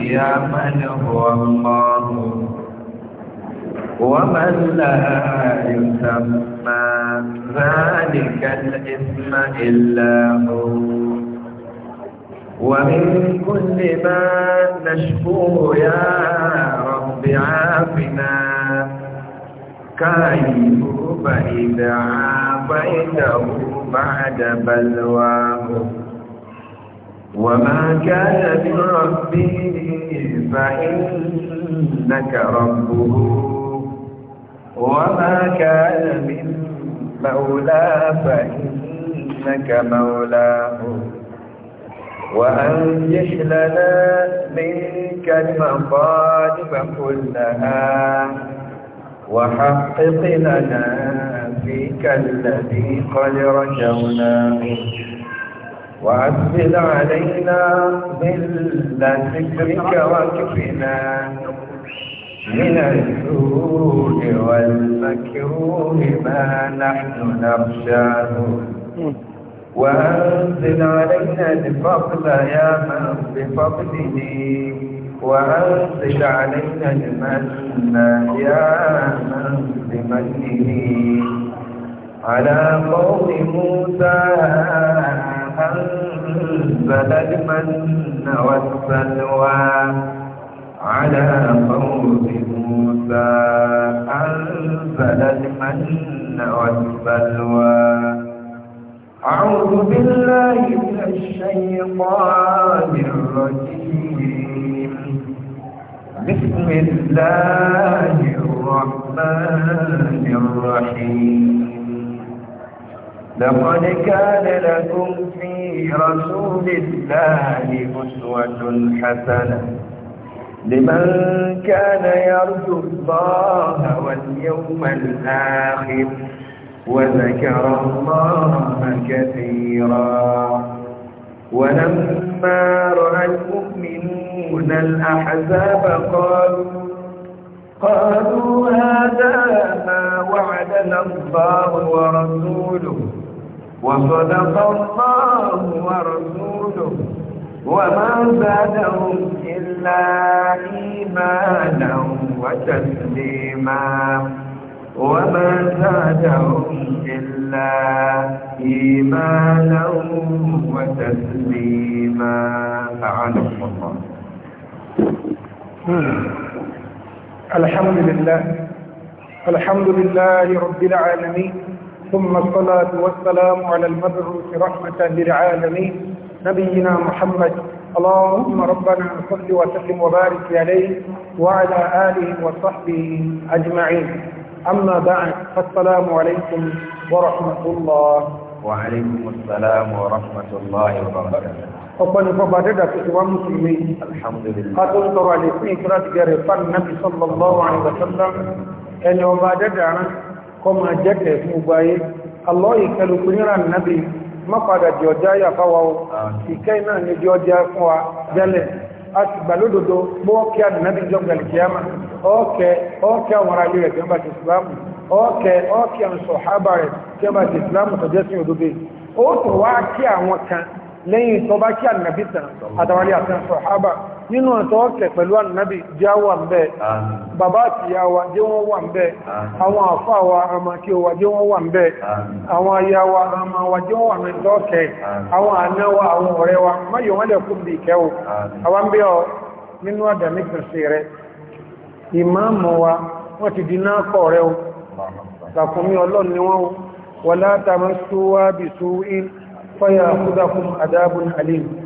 يعمل هو الله ومن لا يسمى ذلك الإثم إلا هو ومن كل ما نشكو يا رب عافنا كايوب إذا عافيته بعد بلواه وما كان من ربه فإنك ربه وما كان من مولى فإنك مولاه وأنجح لنا منك المطالب كلها وحقق لنا فيك الذي قد رجوناه وأسهل علينا ظل ذكرك وكفنا من الجود والمكروه ما نحن نخشاه وأنزل علينا الفضل يا من بفضله وأنزل علينا المنى يا من بمنه على قوم موسى أنزل المن والسلوى على قوم موسى أنزل المن والسلوى أعوذ بالله من الشيطان الرجيم بسم الله الرحمن الرحيم لقد كان لكم في رسول الله أسوة حسنة لمن كان يرجو الله واليوم الآخر وذكر الله كثيرا ولما رأى المؤمنون الأحزاب قالوا قالوا هذا ما وعدنا الله ورسوله وصدق الله ورسوله وما زادهم إلا إيمانا وتسليما وما زادهم إلا إيمانا وتسليما أعانكم الله الحمد لله الحمد لله رب العالمين ثم الصلاة والسلام على المبعوث رحمة للعالمين نبينا محمد اللهم ربنا صل وسلم وبارك عليه وعلى آله وصحبه أجمعين أما بعد فالسلام عليكم ورحمة الله وعليكم السلام ورحمة الله وبركاته ọ̀pọ̀ni fọba dẹ́dà tó ti wá mùsùlùmí kátó ń tọrọ àlèkún ìkúrá ti gẹ̀rẹ̀ fún nàbì sọ́lọ́lọ́wọ́ àìgbàsọ́lọ́ ẹni ọba kọ́ máa jẹ́kẹ̀ fún gbogbo ayé alọ́ ìkẹlù pín níra nàbí má padà jẹ ọjá yà fáwa o ìkẹ́ náà ní jẹ ọjá fún wa jẹ́lẹ̀ a ti gbà lódodo gbọ́ kí a nàbí jọ gbẹ̀lẹ̀ kíyàmà ọ̀kẹ́ ọ̀kẹ́ àwọn ará ilé rẹ̀ tí wọ́n bá ti nínú ọ̀tọ́ ọ̀kẹ̀ pẹ̀lú ànàbì já wà ń bẹ́ bàbá àti ya wa jẹ́ wọ́n wà ń bẹ́ àwọn àfáà wa àmà kí wa jẹ́ wọ́n wà ń bẹ́ àwọn aya wa àmà wa jẹ́ wọ́n wà ní ọ̀kẹ́ àwọn àná wa àwọn ọ̀rẹ́ wa máyọ̀ wọ́n wọ́n ti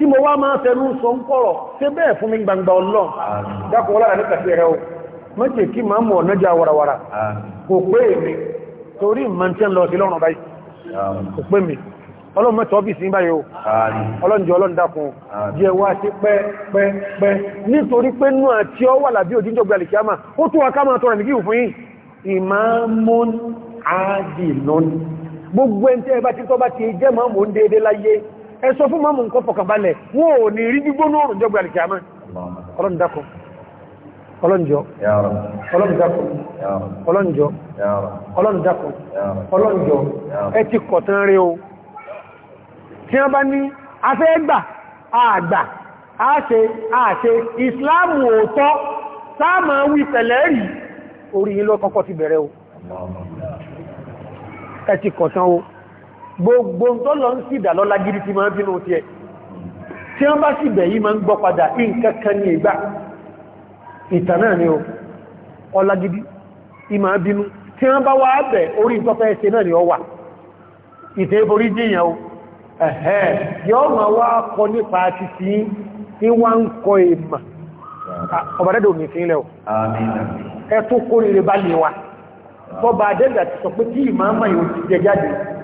tí mo wá máa fẹ́nu sọ ń kọ̀rọ̀ ṣe bẹ́ẹ̀ fún mi gbangba ọlọ́ dákọ̀ wọ́lára ní kàfẹ́ rẹ̀ o mọ́jẹ̀ kí máa mọ̀ ọ̀nà já warawara kò pé èmi torí mọ̀ntẹ́ lọ sí lọ́rùn báyìí kò pé mi ọlọ́run mẹ́ta ọ́bìsì ń báyìí o ọlọ́njẹ́ ọlọ́run dákun jẹ́ wá sí pẹ́ pẹ́ pẹ́ ẹ̀sọ fún mọ́mù nǹkan fọkànbalẹ̀ wọ́n ò ní rí gbígbónú òrùn jọ gbàlì kìámẹ́ ọlọ́njọ́ ọlọ́njọ́ ọlọ́njọ́ ọlọ́njọ́ ẹ ti kọ̀tán rí o tí wọ́n bá ní afẹ́ gbà àgbà àṣẹ àṣẹ ìsìláàmù òótọ́ sáàmà wí pẹ̀lẹ́ rí orí ilọ́ kọ́kọ́ ti bẹ̀rẹ̀ o ẹ ti kọ̀tán o gbogbo tó lọ ń sì dà gidi ti máa bínú ti ẹ̀ tí wọ́n bá sì bẹ̀ yí máa ń gbọ́ padà ìkankan ní ìgbà ìtàn ni ó ọlá gidi ìmá bínú tí wọ́n bá wá bẹ̀ orí ìtọ́fẹ́ ẹsẹ náà ni ó wà ìtẹ́ borí jíyàn ah, ó ma ti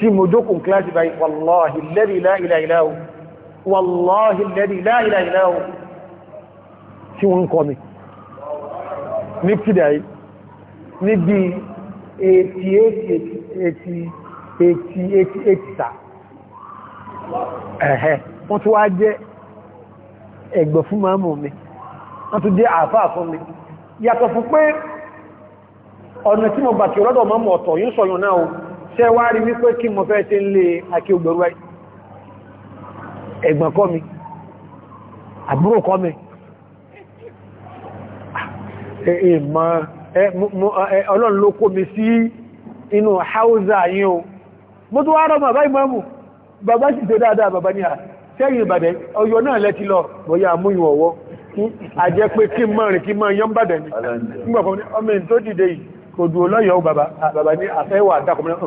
tí mo jókùn kíláàsì báyìí wàláhì lẹ́rì láìláìláwò wàláhì lẹ́rì láìláìláwò tí wọ́n ń kọ́ mi ní kídàí níbi 88 ẹ̀hẹ́ wọ́n tó wá jẹ́ ẹ̀gbọ̀ fún máàmù mi wọ́n tó jẹ́ àfáà fún mi yàtọ̀ fún pé ọ̀nà tí mo bàtí ọlọ́dọ̀ máàmù ọ̀tọ̀ yíò sọ̀yọ̀ náà tẹ́ wá rí wípé kí mo fẹ́ tí ń lè àkí ògbèrú ẹ̀gbọ̀n kọ́ mi àbúrò kọ́ mi ìmọ̀ ọlọ́run ló kó mi sí inú haúzà yìí o mo tó wá rọ bàbá ìmọ̀mù bàbá sì tẹ́ dáadáa bàbá ní à sẹ́yìn ìbàdẹ̀ ọyọ náà lẹ́ti lọ bóyá múyùn ọwọ́ àjẹ́ pé kí mọ́ rìn kí mọ́ yán bàdẹ̀ ni ọmọ ìtó yìí kò dùn lọ́yọ̀ bàbá ní àfẹ́wà dákọmọ́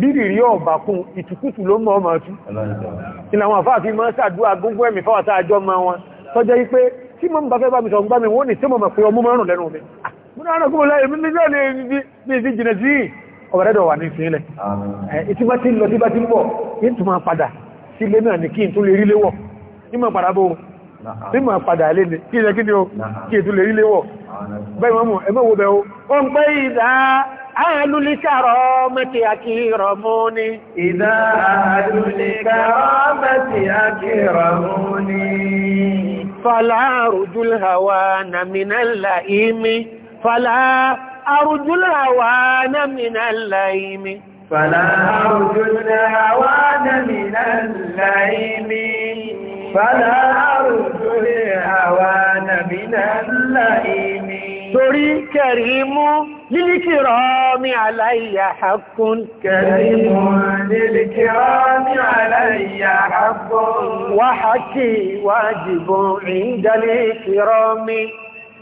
bíbìrí ọ̀bà kún ìtùkùtù ló mọ́ ọmọ ọtú ìlà àwọn àfáà fi máa sàdúwà gbogbo ẹ̀mì fáwàtà àjọ ma wọn tọ́jẹ́ wípé tí mọ́ bá fẹ́ bá mi sọ gbá mi wọ́n ni tí mọ́ pé ọmọ márùn lẹ́nu mi ah, Nímọ̀ eh, padà lè ní kí ìrẹ́kí ni ó kí ètò lè rí léwọ̀. Bẹ́ẹ̀ mọ́mù أهل الكرامة أكرموني إذا أهل الكرامة أكرموني فلا أرجو الهوان من اللئيم فلا أرجو الهوان من اللئيم فلا أرجو الهوان من اللئيم فلا أرد الهوان من اللئيم سوري كريم للكرام علي حق كريم للكرام علي حق وحقي واجب عند الكرام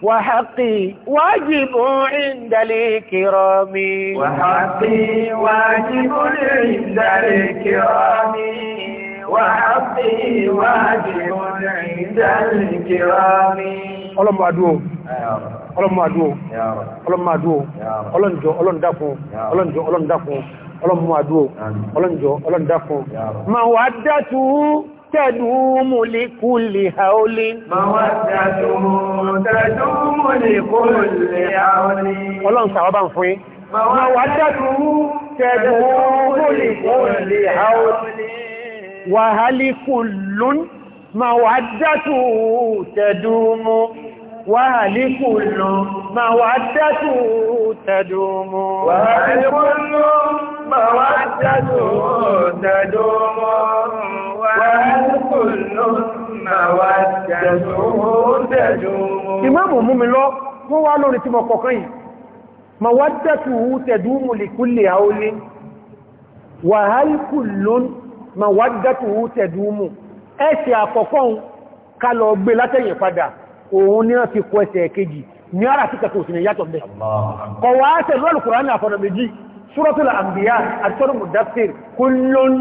وحقي واجب عند الكرام وحقي واجب عند الكرام وحقه واجب عند الكرام ọlọ́run máa dúó ọlọ́run máa dúó ọlọ́run máa dúó ọlọ́njọ́ ọlọ́run dákun ọlọ́njọ́ ọlọ́run dákun ọlọ́run máa dúó ọlọ́njọ́ ọlọ́run dákun máa wà dátú تدوم لكل هول مودته تدوم وهل كل مودة تدوم وهل كل مودة تدوم وهل كل مودة تدوم وهل كل مودة تدوم Ìmáàmù mú mi lọ, wọ́n wá lórí tí mọ̀ kọ̀kan yìí. Mọ̀wádẹ́tù tẹ̀dúmù lè kú lè àólé, wàhálì kù lónìí mawaddatuhu tẹ̀dúmù ẹsẹ̀ àkọ́kọ́ ká lọ gbé látẹ̀yìn padà òun ní wọ́n fi kọ ẹsẹ̀ kejì ní ara tí kẹta òsìnà yàtọ̀ mẹ́ kọwàá ẹsẹ̀ lọ́lù kùránì àfọ́nà méjì suratul anbiya àti suratul mudaththir kullun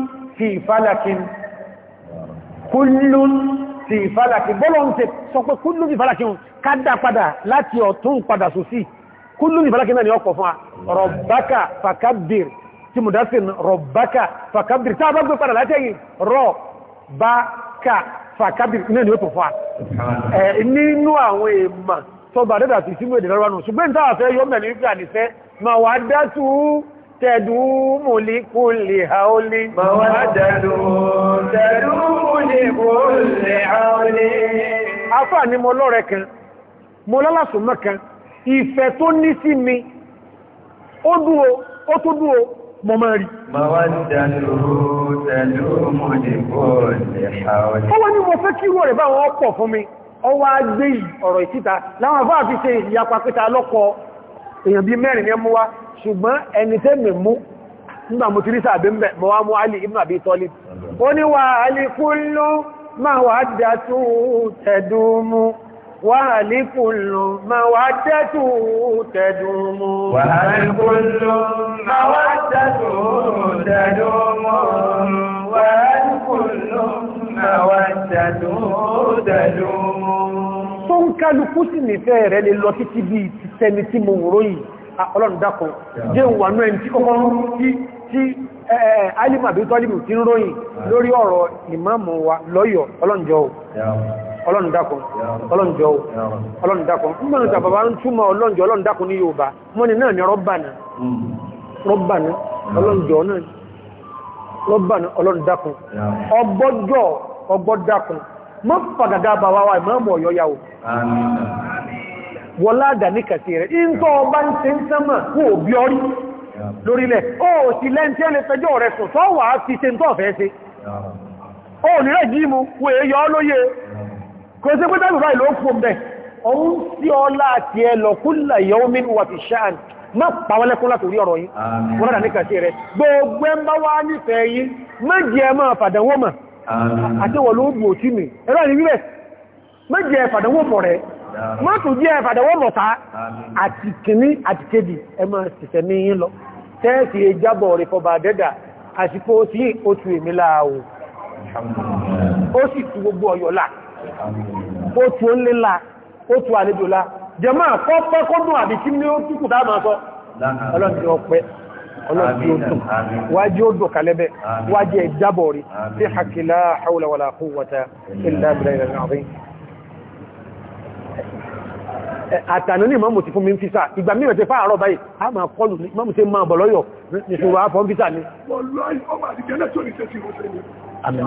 ni ọkọ̀ fún a rabbaka fakabbir tí mo dásí rọ̀bákà fàkàbìrì tí a bá gbé padà látẹ́yìn rọ̀bákà fàkàbìrì náà ni ó tó fa nínú àwọn èèmà tó bá dẹ́dà sí sínú èdè lọ́rọ̀ ṣùgbọ́n ma wà dátú tẹ̀dúmùlì kúnlẹ̀ haúlé ma wà dátú tẹ̀dúmùlì kúnlẹ̀ haúlé afá ni mo lọ́rẹ̀ kan mo lọ́lásùn ìfẹ́ tó ní sí mi ó dúró ó tó dúró mọ́ máa rí. Ó wọ́n ní mo fẹ́ kí wọ́n rẹ̀ bá wọn pọ̀ fún mi, ọ wá gbé ọ̀rọ̀ ìtíta láwọn àbá àfi ṣe ìyapa pẹ́ta lọ́kọ̀ èèyàn bí mẹ́rin ní mú wá, ṣùgbọ́n ẹni tẹ́ mi mú nígbà mo ti rí sàbí mẹ́ mọ́ wá mú Ali ibn Abi Talib. Ó ní wà Ali kullu mawaddatun tadumu. وهل كل تَدُومُ تدوم وهل تَدُومُ مودة تدوم تَدُومُ كل مودة تدوم tó ń kálukú sí nífẹ́ rẹ̀ lè lọ títí bí ti tẹni tí mo wòró yìí ọlọ́run dákọ̀ jẹ́ wà náà tí kọ́kọ́ tí tí alìmàbí tọ́lìmù tí ń ròyìn lórí ọ̀rọ̀ ìmáàmù wa lọ́yọ̀ ọlọ́njọ́ ọlọ́ndakùn ọlọ́njọ́ ọlọ́ndakùn mọ́nà tàbà bá ń túnmọ̀ ọlọ́njọ́ ọlọ́ndakùn ní Yorùbá mọ́ni náà ni rọ́bànà rọ́bànà ọlọ́njọ́ náà rọ́bànà ọlọ́ndakùn ọgbọ́jọ́ ọgbọ́dakùn mọ́ fàgàgà bà wá wà ìmọ̀ ọ̀yọ́ yàwó wọlá àdàníkàtì rẹ̀ ìntọ́ ọba ń se ń sánmà kú òbí ọrí lórílẹ̀ ó sì lẹ́ntí ẹlẹ́ fẹjọ́ rẹ̀ sùn tọ́wàá ti se ń tọ́fẹ́ se ó nírẹ̀ jí mu wèé yọ lóye kò sí pé tábìbá ìlò fò mẹ́ ọun sí ọlá àti ẹlọ kúlà yóò mínú wà fi ṣáàn má pàwọlẹ́kún láti orí ọ̀rọ̀ yìí wọ́n rádà ní kàṣí rẹ̀ gbogbo ẹmbá wá nífẹ̀ẹ́ yìí méjì ẹ máa fàdánwò mà àti wọ̀ ló dùn òtí mi ẹ̀rọ ni wílẹ̀ méjì ẹ fàdánwò pọ̀ rẹ̀ má tún jẹ́ ẹ fàdánwò mọ̀ta àti kìíní àti kejì ẹ máa ṣiṣẹ́ ní yín lọ tẹ́ẹ̀sì ìjábọ̀ rẹ̀ fọba àdẹ́dà àsìkò sí oṣù èmi láàwò ó sì tu gbogbo ọ̀yọ́ láà ó tu ó léla ó tu àlejò lá. jẹmọ́ àkọ́pẹ́ kó dùn àbí kí ní ó túkù dáàmà sọ ọlọ́dún ọpẹ́ ọlọ́dún ó dùn wájí ó dùn kalẹ́bẹ̀ wájí ẹ̀ jábọ̀ rí sí hakila haula wala quwwata illa billahi azim àtànà ní ìmọ̀mù ti fún mi ń físà ìgbà mí rẹ̀tẹ̀ fáàrọ̀ báyìí a máa kọlù ní ìmọ̀mù tí máa bọ̀ lọ́yọ̀ ìṣòro àfọ́n físà ni Àmì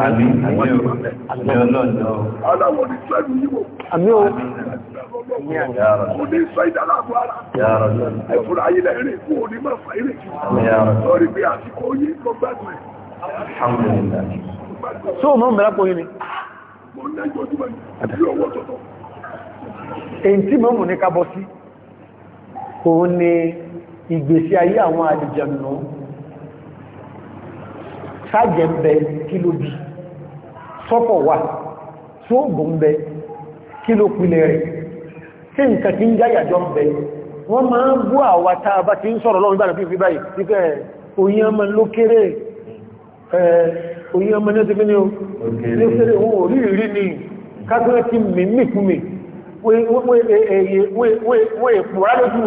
o. Òní sọ ìdálàbò ara. Ẹ̀fùrà ayílẹ̀ eré fún òní máa fà eré jù. Lọ́rí pé àsìkò yìí tó gbádùn ẹ̀. Só mọ́ mẹ́rà pọ̀ yìí ni? Mo ní ẹjọ́ tí wọ́n ní ọwọ́ tọ̀tọ̀. Èyí tí mọ́ mú ní kábọ́ sí, òun ni ìgbésí ayé àwọn àlùjànnú náà sájẹ̀ ń bẹ kí ló bí sọ́pọ̀ wà sóògùn ń bẹ kí ló pilẹ̀ rẹ̀ tí nǹkan tí ń jáyàjọ́ ń bẹ wọ́n máa ń bú àwa tá a bá ti ń sọ̀rọ̀ lọ́rùn ìbára fífi báyìí wípé ni kágbẹ́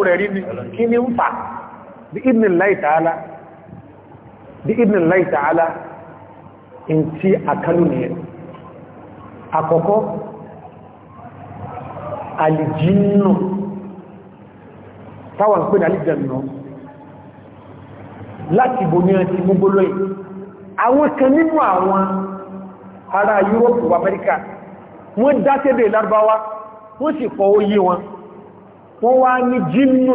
rẹ̀ rí ni kí ní ń fà ní ìdínláì tààlà bí ibn láì tààlá in tí àkálù nìyẹn àkọ́kọ́ alìjínà táwọn pè ní alìjẹ̀nà láti bò ní ẹni gbogbo lóyìn àwọn kan nínú àwọn ará Yúróòpù Amẹ́ríkà wọ́n dákẹ́dẹ̀ lárúbáwá wọ́n sì fọ́ oyé wọn wọ́n wá ní jínú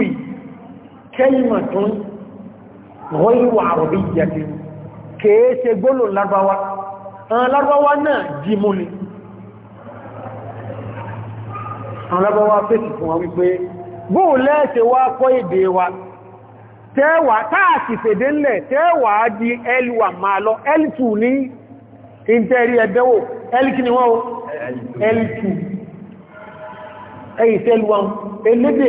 kẹ́yìmọ̀ tó ń ghayru arabiyyatin kèé ṣe gbólò lárúbáwá àwọn lárúbáwá náà jí mú ni àwọn lárúbáwá fèsì fún wa wípé bóò lẹ́ẹ̀ṣẹ̀ wá kọ́ èdè wa tẹ́wàá táàkì fèdè ńlẹ̀ tẹ́wàá di ẹlùwà máa lọ ẹlùtù ní ìntẹ́rí ẹ̀dẹ́wò ẹlùkì ni wọ́n ẹlùtù ẹ̀yìn tẹ́lùwà elédè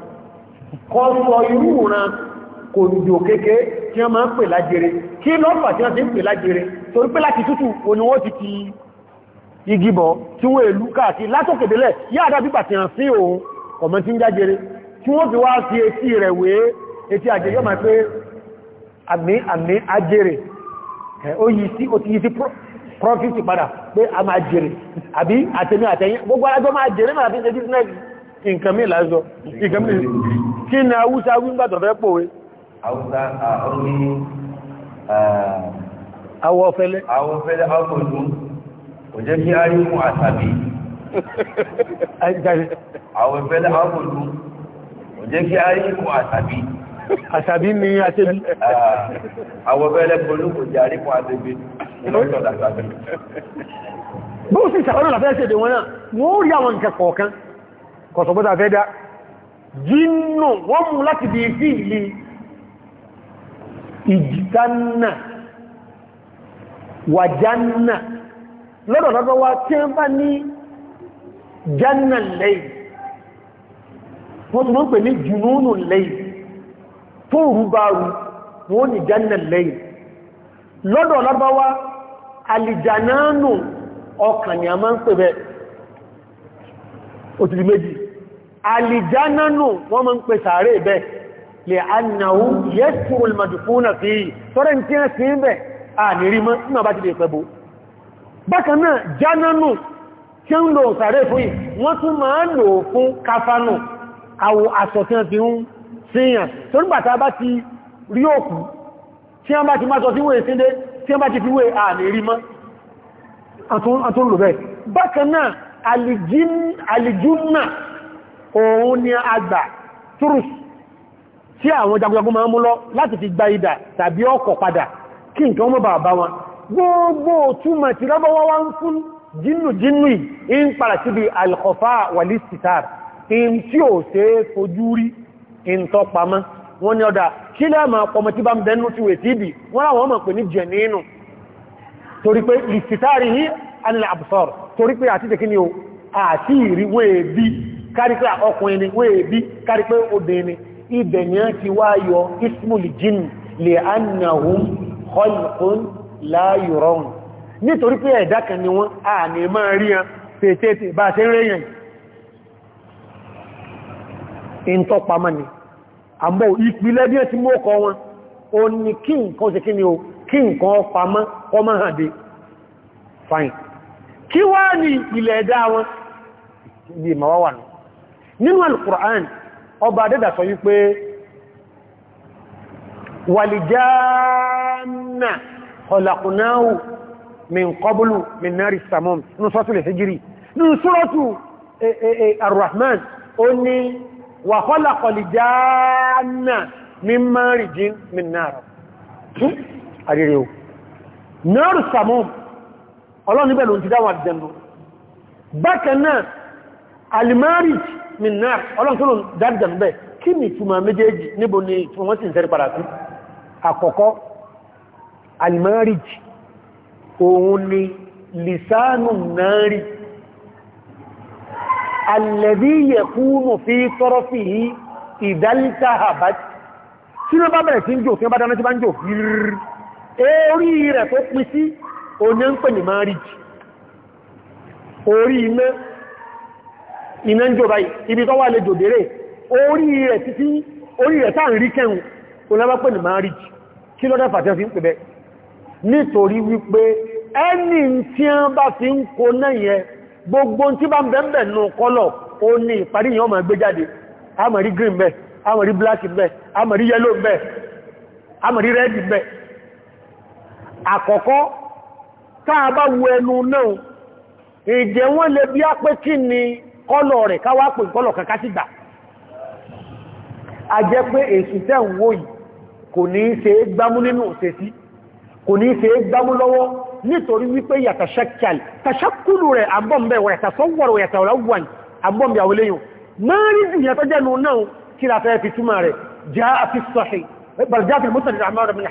kọ́ sọ irú ìran kò dùdò kéèké tí wọ́n máa ń pè lájere kí lọ́pàá tí wọ́n ti ń pè lájere torí pé láti tútù òní wọ́n ti ti igibọ̀ tí wọ́n èlú káàkiri látòkèdélẹ̀ yáadá pípà tí a sí òun ọmọ tí ń jájere tí wọ́n fi wá sí etí rẹ̀ wé etí àjẹyọ́ máa pé àmì àmì ajere ó yí sí ó ti yí sí profit padà a máa jere àbí àtẹ̀mí àtẹ̀yìn gbogbo alájọ́ máa jere nǹkan mí lásọ nǹkan mí kí ni haúsá wíńgbàtọ̀ fẹ́ pòwe awọ ọ̀fẹ́lẹ́ awọ ọ̀fẹ́lẹ́ ọkọ̀ ìlú kò jẹ́ kí a rí mú àtàbí awọ ọ̀fẹ́lẹ́ ọkọ̀ ìlú kò jẹ́ kí a rí mú àtàbí àtàbí ni a ṣe bí awọ ọ̀fẹ́lẹ́ polú kò jẹ́ àrí mú àtàbí ìlọ́jọ́ kọ̀sọ̀gbọ́ta fẹ́ dá jínú wọ́n mú láti bí sí ilé ìjìdánà wà jánà lọ́dọ̀ lọ́dọ̀ wá tí ń bá ní jánà lẹ́yìn wọ́n tún mọ́ pè ní jùnúnù lẹ́yìn tó rúbárú wọ́n ní jánà lẹ́yìn lọ́dọ̀ lọ́dọ̀ wá alìjànánù ọkàn máa ń pè bẹ́ òtìrí méjì alìjánánù wọ́n mọ́ ń pè sàárè bẹ́ lè annáwó yẹ́sùrù almadfuna fi tọ́rẹ tí ó sí bẹ̀ à nírí mọ́ ní ọba ti lè pẹ̀bù bákan náà jánánù tí ń lò sàárè fún yìí wọ́n tún máa ń lò fún kafánù àwọ aṣọ tí wọ́n fi ń síyàn tó ń bàtà bá ti rí òkú tí wọ́n bá ti mọ́ àtún òun ni àgbà turus tí àwọn jagunjagun máa mú lọ láti fi gba idà tàbí ọkọ̀ padà kí nǹkan mọ́ bàbá wọn gbogbo túnmọ̀ tí rábọ́wọ́ wá ń fún jínú jínú in padà síbi alkọfà wàlí sitar in tí ò ṣe é fojú rí in tọ́ pamọ́ wọ́n ni ọ̀dà kí lẹ́mà torí pé àti tẹ̀kí ni o àti ìríwé bí kárí pé ọkùnrin ni wé bí kárí pé obìnrin ni ibẹ̀ ni a ti wá yọ ismul jin lè annahum khalqun la nítorí pé ẹ̀dá kan ni wọ́n a ní máa rí yan pètètè bá ṣe rẹ̀yàn in tó pamọ́ ni àmọ́ ìpìlẹ̀ bí ẹ ti mọ́ ọkọ̀ wọn o ní kí nǹkan ṣe ni o kí nǹkan pamọ́ wá ní ìpìlẹ̀ ẹ̀dá wọn ibi ìmọ̀wọ́wà náà nínú al-Qur'an ọba adẹ́dà sọ wípé wàlìjáàmà ọ̀làkùnáwù min qablu min nari samum nínú sọ́tù lè hijiri nínú sọ́tù e, e, e, ar-Rahman ó ní wà kọ́làkọ̀lìjáàmà min marijin min nar àrírew náàrù samum ọlọ́nibẹ̀lú ti dáwọn àdìjẹ̀nù bákan náà al min náà ọlọ́run tó lò dáadáa bẹ́ẹ̀ kí ni ìtumọ̀ méjèèjì níbo ni ìtumọ̀ wọ́n sì ń sẹ́rí padà sí àkọ́kọ́ almarij òun ni lisanu náàrí alladhi yakunu fi tarafihi ìdálítàhàbát tí wọ́n bá bẹ̀rẹ̀ sí ń jò tí bá bá jò orí rẹ̀ tó pín sí oní ń pè ní marij orí iná iná ń jọba ibi tó wà lè jòdèrè orí rẹ̀ títí orí rẹ̀ tàà ń rí kẹun olábápẹ́ ni máa rí kí lọ́dá fàtẹ́ fi ń pè bẹ́ nítorí wípé ẹni tí a bá fi ń kó náà yẹ gbogbo tí bá ń bẹ̀ẹ̀bẹ̀ nù kọ́lọ̀ ó ní ìparí yẹn ọmọ ẹgbẹ́ jáde a wọ́n lè bí á pé kí ni kọ́lọ̀ rẹ̀ káwà pè kọ́lọ̀ kankan sí gbà a jẹ́ pé èsù tẹ́ ń wó yìí kò ní ṣe é gbámú nínú òṣèṣí kò ní ṣe é gbámú lọ́wọ́ nítorí wípé yàtà ṣẹ́kìálì tàṣákùlù rẹ̀ abọ́m̀bẹ̀ wẹ̀yàtà sọ́wọ́rọ̀ yàtà ọ̀làwọ̀n abọ́m̀bẹ̀ àwọléyìn mẹ́rin ìyàn tó jẹ́nu náà kí la fẹ́ fi túmọ̀ rẹ̀ já fi sọ́hì bàrjáfi mùsùlùmí àmọ́rọ̀ bin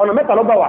ọ̀nà mẹ́ta lọ́bàwà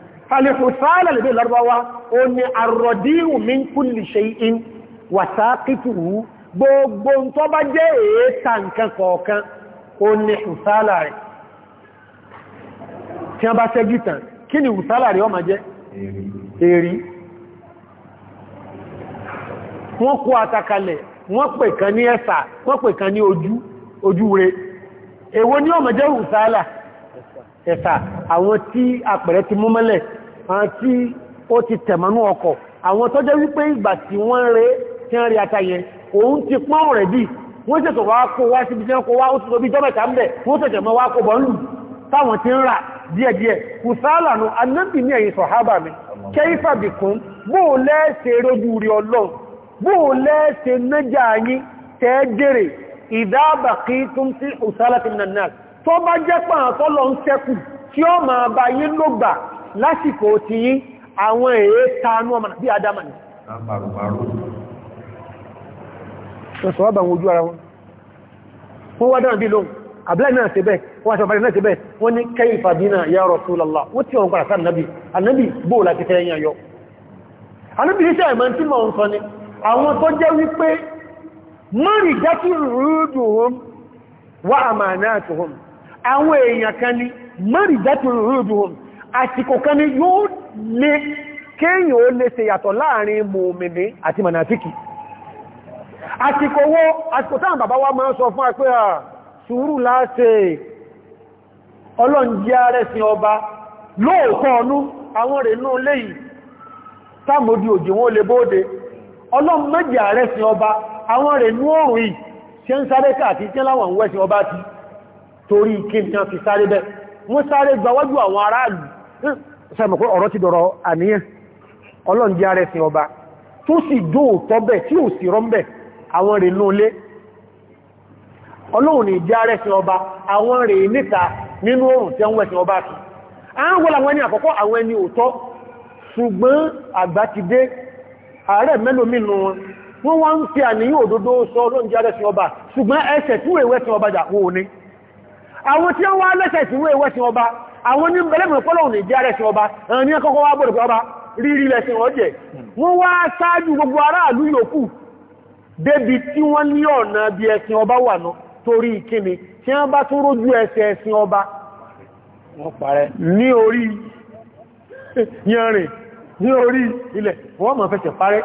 alìfòsáàlẹ̀ lè lọ́rọ̀wá o ni àrọ̀díhù mi ń kú lè ṣe in wàsáàkìtùrú gbogbo tó bá jẹ́ èéta nǹkan kọ̀ọ̀kan o ni hùsáàlà rẹ̀ tí a bá ṣẹ́gì tàn kí ni hùsáàlà rẹ̀ ó máa jẹ́ èrí wọ́n kó àtàkalẹ̀ wọ́n pè kan ní ẹ̀sà wọ́n pè kan ní ojú ojú rẹ̀ èwo ni ó jẹ́ hùsáàlà ẹ̀sà àwọn tí àpẹẹrẹ ti mú mọ́lẹ̀ àti ó ti tẹ̀mọ́nú ọkọ̀ àwọn tó jẹ́ wípé ìgbà tí wọ́n rẹ̀ tí ń rí atayẹ òun ti pọ́n rẹ̀ bí wọ́n tẹ̀tọ̀ wá kó wá síbi tí wọ́n kó wá ó ti tó bí jọ́mẹ̀ta ń bẹ̀ wọ́n tẹ̀tẹ̀ mọ́ wá kó bọ́n lù táwọn ti ń rà díẹ̀díẹ̀ kùsálànù anábì tó bá ń sẹ́kù tí ó máa bá yín lógbà lásìkò ti yí àwọn èé tanú ọmọ bí adama ni sọ́ọ̀bà ojú ara wọn wọ́n wá dára bí lóhun àbíláì náà ṣe bẹ́ẹ̀ wọ́n aṣọ àbárí náà ṣe bẹ́ẹ̀ wọ́n ní kayfa bina ya Rasulullah wọ́n tí wọ́n padà sáà nàbí anábì bóò láti fẹ́ yẹn yọ anábì iṣẹ́ ẹ̀mọ́ tí mọ̀ ń àsìkò kò kẹni yóò lè kéèyàn ó lè ṣe yàtọ̀ láàrin àti mọ̀nàtíkì àsìkò wo bàbá wa máa ń sọ fún àpé à ah, sùúrù ọlọ́njẹ́ ààrẹ sí ọba lóòkọ́ ọnú àwọn léyìí òjò wọn lè bóòdé ọlọ́mọ́jì ààrẹ sí ọba àwọn yìí ṣe ń sáré tí láwọn ti torí sẹ́mọ̀kú ọ̀rọ̀ ti dọ̀rọ̀ àníyàn ọlọ́njẹ́ ààrẹ sin ọba tó sì jó òtọ́ bẹ̀ tí ò sì rọ́m̀bẹ̀ àwọn rẹ̀ ọlọ́run ní ààrẹ ọba àwọn rẹ̀ níta nínú oòrùn tí wọ́n sin ọba a àwọn wọ́n àwọn ẹni àkọ́kọ́ àwọn ẹni ṣùgbọ́n àgbà ń àwọn ní bẹ̀lẹ̀mù fọ́lọ̀hùn ìjẹ́ ààrẹ sí ọba àwọn ní ọkọ̀kọ́ wá bọ̀rọ̀ ọba rírí lẹ́sìn ọjẹ́ wọ́n wá sáájú gbogbo aráàlú yòókù débi tí wọ́n ní ọ̀nà bí ẹ̀sìn ọba wà náà torí ìkíni tí wọ́n bá tún rójú ẹsẹ̀ ẹ̀sìn ọba ní orí yanrìn ní orí ilẹ̀ wọ́n mọ̀ fẹ́sẹ̀ parẹ́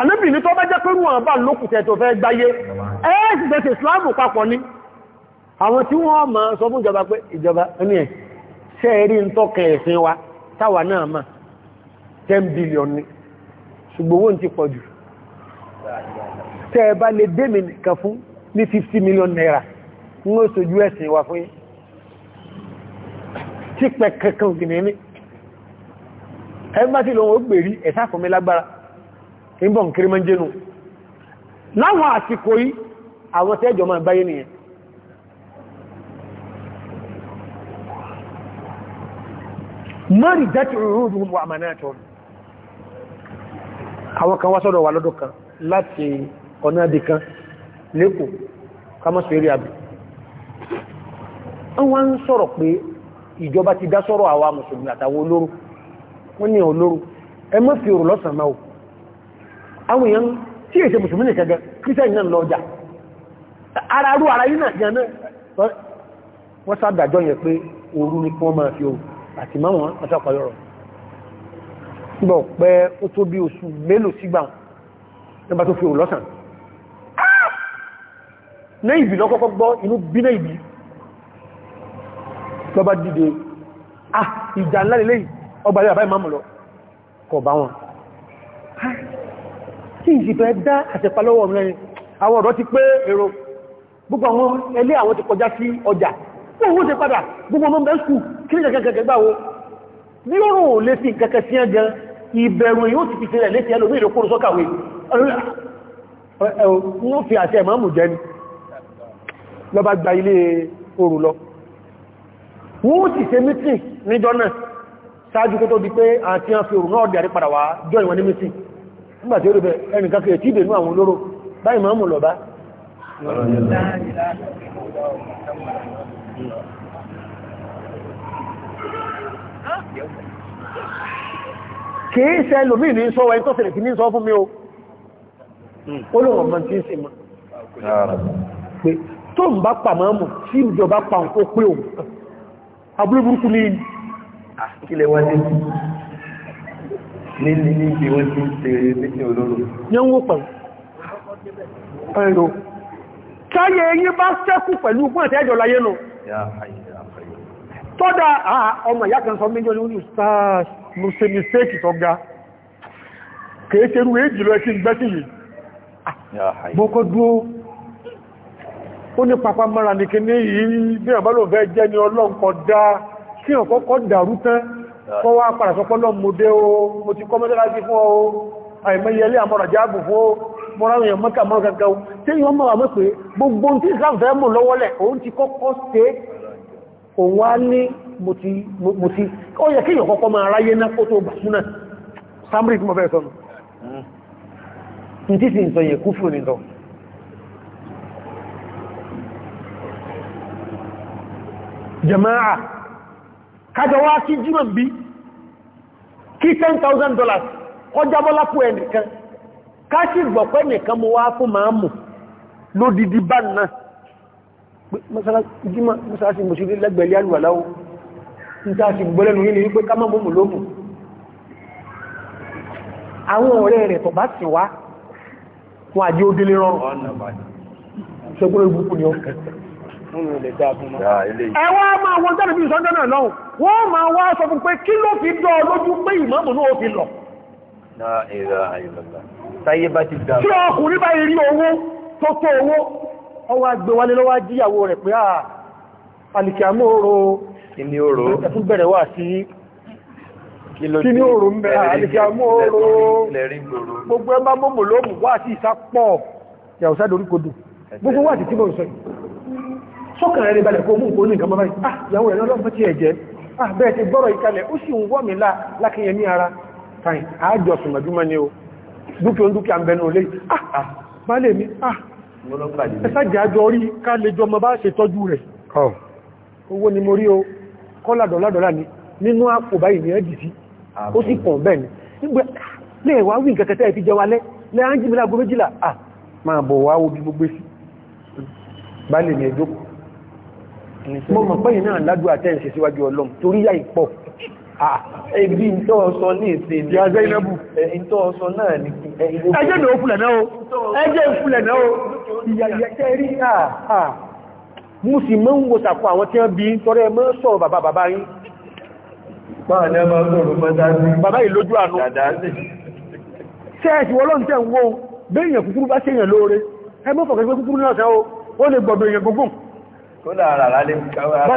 àníbì ní tó bá jẹ́ pé wọ́n bá lókùtẹ̀ tó fẹ́ gbáyé ẹ̀ẹ́sì àwọn tí wọ́n ma sọ fún ìjọba pé ìjọba ẹni ẹ̀ ṣe rí ń tọ́kẹ̀ ẹ̀sìn wa táwa náà ma 10 billion ni ṣùgbọ́n owó ti pọ̀jù tẹ́ ẹ bá lè dẹ́mì nìkan fún ní 50 million naira ń ó sojú ẹ̀sìn wa fún yí tí pẹ kankan gìnì ní ẹgbàtí lóhun ó gbèrí ẹ̀sà fún mi lágbára ń bọ̀ ń kiri mọ́ jẹ́nu láwọn àsìkò yí àwọn tẹ́jọ máa báyé nìyẹn maridat uruduhum wa amanatuhum àwọn kan wá sọ́dọ̀ wà kan láti ọ̀nà kan lẹ́kù kama sọ́rí àbì wọ́n ń pe ìjọba ti dá awa mùsùlùmí àtàwọn olóró wọ́n ní olóró ẹ mọ́ fi òrùn lọ́sàn máa àwọn èèyàn lọ ara ara àti máa wọn àtàkọ̀lọ́rọ̀ gbọ́ pé ó tó bí oṣù mélòó sígbà nígbà tó fi òlọ́sàn ní ìbí lọ́kọ́kọ́ gbọ́ inú bí ní ìbí lọ́bá dìde ah ìjà ńlá lélẹ́ ọgbà lẹ́bàá ìmáàmù lọ kọ̀ bá wọn ah, kí ìsìfẹ́ dá àtẹ̀pálọ́wọ́ mẹ́rin àwọn ọ̀dọ́ ti pé èrò gbogbo àwọn ẹlé àwọn ti kọjá sí ọjà wọ́n wó ti padà gbogbo ọmọ mẹ́rin skùl kí kẹkẹkẹkẹ gbáwo bí ó rùn lè fi kẹkẹ sí ẹgẹ ìbẹ̀rù yóò ti fi sílẹ̀ létí ẹlòmí ìlòkúrò sọ́kàwé wọ́n fi àṣẹ ìmọ̀mù jẹ ni lọ bá gba ilé oòrùn lọ wọ́n ti ṣe mítì níjọ́ náà ṣáájú kó tó di pé àti àfi oòrùn náà dẹ̀rí padà wá jọ ìwọ̀n ní mítì kìí ṣe lòmí ní sọ ẹni tó ṣẹlẹ̀ kì ní sọ fún mi o olóòwọ̀n hmm. tí ń sì mọ́ pé tó ń bá pàmọ́ mù tí ìjọba pa ń kó pé o abúrúburúkú ní àkílẹ̀ wáyé ní ní ní ibi wọ́n tí ń ṣe méjì olóró yẹ́nwó pẹ̀lú ẹ̀rọ táyé yí bá sẹ́kù pẹ̀lú pọ́n ẹ̀tẹ́jọ láyé nù tọ́dá ah, ọmọ ìyá kan sọ méjì olóòrùn stars mo ṣe mistake tó ga kèékerú èjì lọ ẹkí gbẹ́sì yìí ah, mọ́kọ́ dúó ó ní papá mara ní kí ní yìí bí ọ̀bá ló fẹ́ jẹ́ ní ọlọ́nkọ̀ dá kí ọ̀kọ́kọ́ dàrú tán kọ́ wá padà sọpọ́ o mo ti kọ́ mẹ́tẹ́lá sí fún ọ àìmẹ́yẹlé àmọ́ràjá ààbò fún mọ́ráwìn ẹ̀mọ́kà mọ́rọ̀ kankan tí yọ́n mọ́ àmọ́ pé gbogbo tí ìsáfẹ́ mọ̀ lọ́wọ́lẹ̀ kò wá ní mo ti ó yẹ kí èyàn kọ́kọ́ máa ráyé ná kó tó gbà súnà samri tí mo fẹ́ sọ́nà tí sì ń sọ yẹn kú fún nìtọ́ jama'a kájọ wá kí jímọ̀ bí kí $10,000 kọjá bọ́lá fún ẹnìkan ká sì gbọ̀pẹ́ nìkan mo wá fún máa mù lódìdí bá náà mọ́sálásí mọ̀sílé lẹ́gbẹ̀lẹ́ alùwàláwó ń tàà sí gbọ́lẹ́nu yìí ni wípé ká mọ́ mọ́ lóòmù àwọn ọ̀rẹ́ rẹ̀ tọ̀bá sì wá fún àjí ó délé rọrùn ṣogbó ìbùkù ni ó ẹwà máa wọn tẹ́lẹ̀ bí sọ́jọ́ náà lọ́hùn wọ́n máa wá sọ fún pé kí ló fi dọ́ lójú pé ìmọ́mù náà fi lọ tí ọkùnrin bá rí owó tó tó owó ọwá gbé wálé lọ́wá jíyàwó rẹ̀ pé àà alìkàmú oró kìní oró ẹ̀fún bẹ̀rẹ̀ wà sí kìní oró ń bẹ̀rẹ̀ alìkàmú gbogbo ẹmbá mọ́mọ̀ lóòmù wà sí ìsápọ̀ yàwùsá dorí kodò gbogbo wà sí tí mọ̀ sọ́yìn sọ́kànrẹ́ rẹ̀ balẹ̀ kó mú nǹkan nǹkan ah, ah, ń wọ́ ẹ̀sájájọ́ orí ká lè jọ mọ bá ṣe tọ́jú rẹ̀ owó ni mo rí o kọ́ládọ̀ládọ̀lá ni nínú àpò báyìí ní ẹ́jì sí ah, ó sì pọ̀ bẹ́ẹ̀ ni nígbẹ́ lẹ́ẹ̀wá wí kẹkẹtẹ́ ti jẹ wálẹ́ lẹ́ánjìmílá agbó méjìlá à máa bọ̀ wá wo bí gbogbo sí bá lè ní ẹjọ́ Ah, ebi tó sọ ní ìsìn ní ọjọ́ ìrẹ́bù. Ẹ̀yìn tó sọ náà ní kí ẹ̀yìn ó. Ẹjẹ́ ìfúnlẹ̀ náà o. Ẹjẹ́ ìfúnlẹ̀ náà o. Ìyàyẹ̀kẹ́ rí àà. Ah, ah. Mú sì mọ́ ń wo sàkó àwọn tí wọ́n bí ń tọrẹ mọ́ sọ̀rọ̀ bàbá bàbá yín. Bàbá yìí lójú àánú. Ṣẹ́ẹ̀ṣì wọ́n lọ́n tẹ́ ń wo béèyàn kúkúrú bá ṣèyàn lóore. Ẹ mọ́ fọ̀kẹ́ kúkúrú náà sẹ́ o, ó lè gbọ̀gbẹ̀ èèyàn gbogbo. Kó lára rà lálé. Bá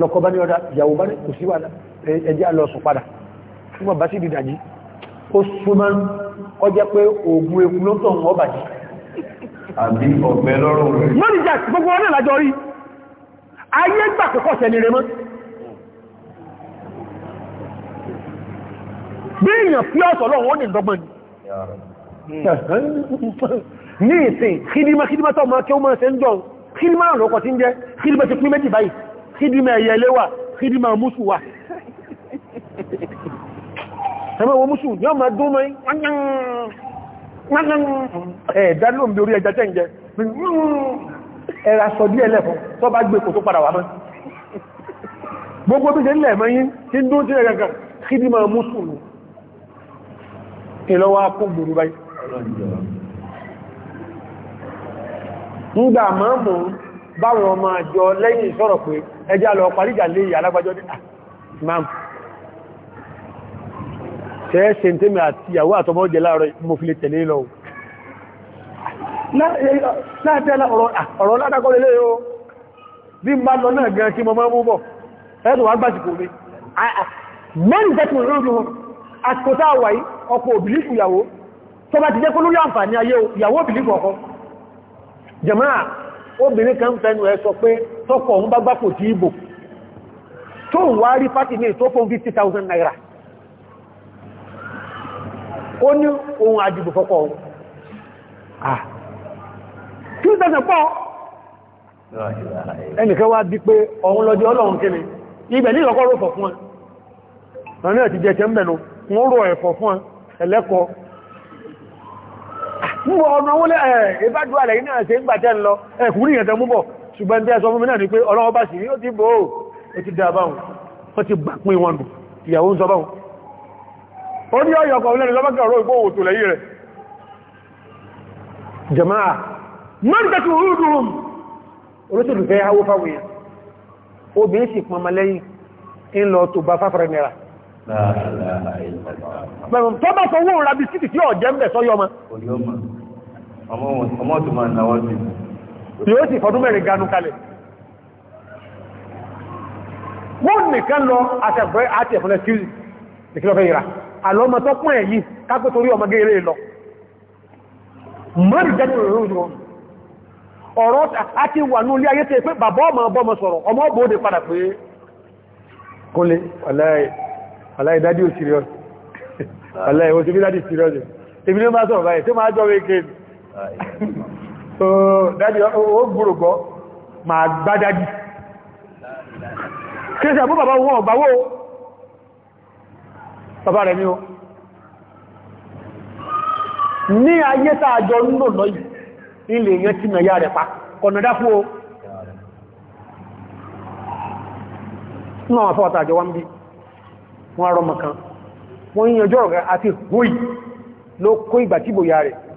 lọ́kọ́ bá ní ọ̀dá ìyàwó bá ní kò sí wà ẹjẹ́ alọ́sùn padà fún bàbá sí ìdìdàjí ó súnmọ́ ọ jẹ́ pé oògùn ekú ló tọ̀ wọ́n bàjí àbí ọ̀gbẹ́ lọ́rùn rẹ̀ mọ́nìjà gbogbo ọ̀nà lájọ rí ayé gbà kọ́kọ́ sẹ́ni rẹ̀ mọ́ bí èèyàn fi ọ̀sọ̀ lọ́wọ́ ní ìdọ́gbọ́n ní ìsìn kìdímọ́ kìdímọ́ tọ́ mọ́ kí ó mọ́ ṣe ń jọ kìdímọ́ àrùn ọkọ̀ tí ń jẹ́ kìdímọ́ ti pín méjì báyìí kídímà ẹ̀yẹlé wà kídímà mùsù wà ẹmọ́ wọn mùsù yọ́ ma dún mọ́í ẹ̀ẹ̀dá lóòm bí orí ẹja tẹ́ ń jẹ ẹ̀rà sọ díẹ̀ lẹ́fún tó bá gbé kò tó padà wà mọ́ gbogbo bí jẹ́ mọ́yín tí dún tí ẹ̀gagà kídímà mùsù ìlọ́wọ́ akó gbòrò báyìí ń gbà máa mọ̀ báwọn ọmọ àjọ lẹ́yìn sọ̀rọ̀ pé ẹjá lọ paríjà lè alágbàjọ́ ní ah, imam tẹ́ẹ̀ṣẹ́ tẹ́mẹ̀ àti ìyàwó àtọmọ́ jẹ láàrọ̀ mo fi lè tẹ̀lé lọ àtìkòtà àwàí ọkọ̀ òbìlífù ìyàwó tó bá ti jẹ́ kó lórí àǹfààní ayé ìyàwó òbìlífù ọkọ̀ jẹ̀máà obìnrin kan fẹnu ẹ sọ pé tọ́kọ̀ òun bá gbápò tí ìbò tó ń wá rí fáti ní tó fún 50,000 naira ó ní ohun àdìbò fọ́kọ̀ ohun ah 2,000 pọ́ ẹnìkan wá bí pé ọ̀hun lọ́jọ́ ọlọ́run kí ni ibẹ̀ ní ìrọ̀kọ́ rò fọ̀ fún ẹ múbọ̀ ọmọ wọlé ẹ̀ ìbájú àlẹ̀ iná ṣe ń gbàtẹ́ ń lọ ẹ̀kùnrin ìyẹ̀tẹ̀ múbọ̀ ṣùgbọ́n tí a sọ fún mi náà ni pé ọlọ́wọ́ bá sì rí ó ti bò ó ó ti dà báhùn ó ti gbà pín wọn ìyàwó ń sọ báhùn ó ní ọyọ̀ ọkọ̀ lẹ́nu lọ́bàkẹ́ ọ̀rọ̀ ìgbó òwò tó lẹ́yìn rẹ̀ jama'a mọ́rìtẹ́tù rúdùrùm olóṣèlú fẹ́ háwó fáwọn èèyàn obìnrin sì pọnmọ lẹ́yìn ń lọ tó bá fáfẹ́rẹ́ nira bẹ̀rùn tó bá sọ owó òun rabi títì tí ọ̀jẹ́ ń bẹ̀ sọ́yọ́ ọmọ ọmọ tó máa náwọ́ sí yóò sì fọdún mẹ́rin ganú kalẹ̀ wọ́n nìkan lọ àti ẹ̀fọ́lẹ̀ sí ìkìlọ́fẹ́ ìrà àlọ́mọ tó pún ẹ̀yí kápẹ́ torí ọmọ gẹ́rẹ́ lọ mọ́rin jẹ́ ọ̀rọ̀ àti wà ní olé ayé tẹ́ pé bàbá ọmọ ọbọ́mọ sọ̀rọ̀ ọmọ ọbọ̀dé padà pé kólé aláìdádí ò sírìọ́sì aláìwọ̀sí bí dádí sírìọ́sì so dájí ó gbúrògbọ́ ma gbá dájí kí ṣe àbúbàbá bàbá rẹ̀ ní o ní ayé tààjọ ilé èyàn tí mẹ̀yà rẹ̀ pa ọ̀nà dáfú o bí wọ́n wọ́n yíyanjọ́ àti ló kó ìgbà tí bòyà rẹ̀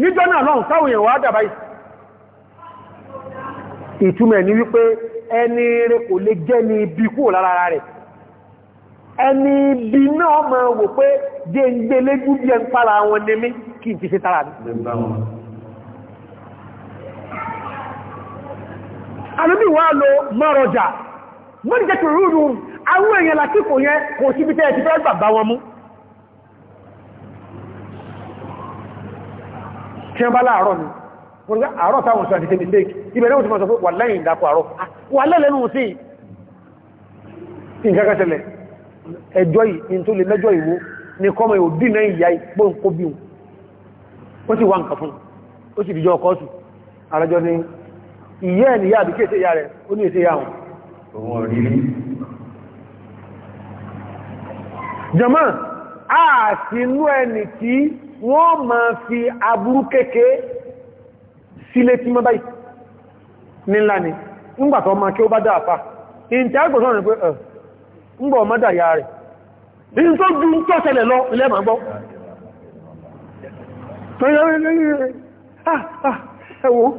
níjọ́ náà lọ́n táwọn èèyàn wá dàbáyì ìtumẹ̀ ní wípé ẹni rẹ̀ kò lè jẹ́ ní ibi kúrò lára rẹ̀ ẹni ibi náà ma wò pé jẹ́ ń gbé légú bí ẹn kí n fi sí tara mi alóbí àwọn èèyàn kò síbi ti fẹ́ gbàgbà wọn mú tí wọ́n bá láàárọ̀ ni wọ́n rí àárọ̀ táwọn sọ àti tẹ́mi sẹ́ẹ̀kì ibẹ̀ náà ti mọ̀ sọ pé wà lẹ́yìn ìdákọ̀ àárọ̀ ah, wà lẹ́lẹ́nu sí nǹkan kẹsẹ̀lẹ̀ ẹjọ́ yìí tó lè mẹ́jọ́ ìwó sì wá nǹkan fún ó sì dìjọ ni ìyẹ́ ẹ̀nìyà àbí kéèsè ìyá rẹ̀ ó ní èsè ìyá wọn jàmáà àti inú ẹni tí wọ́n ma fi aburú kéèké sílé tí mọ́ báyìí nílá ni ńgbàtọ̀ ma kí ó bá dáa pa in tí a gbọ́ sọ́rọ̀ pé ẹ̀ ńgbọ̀ ọmọ dàyà rẹ̀ in tó ju tó tẹ́lẹ̀ lọ ilẹ̀ ma gbọ́ ẹwọ ah, ah,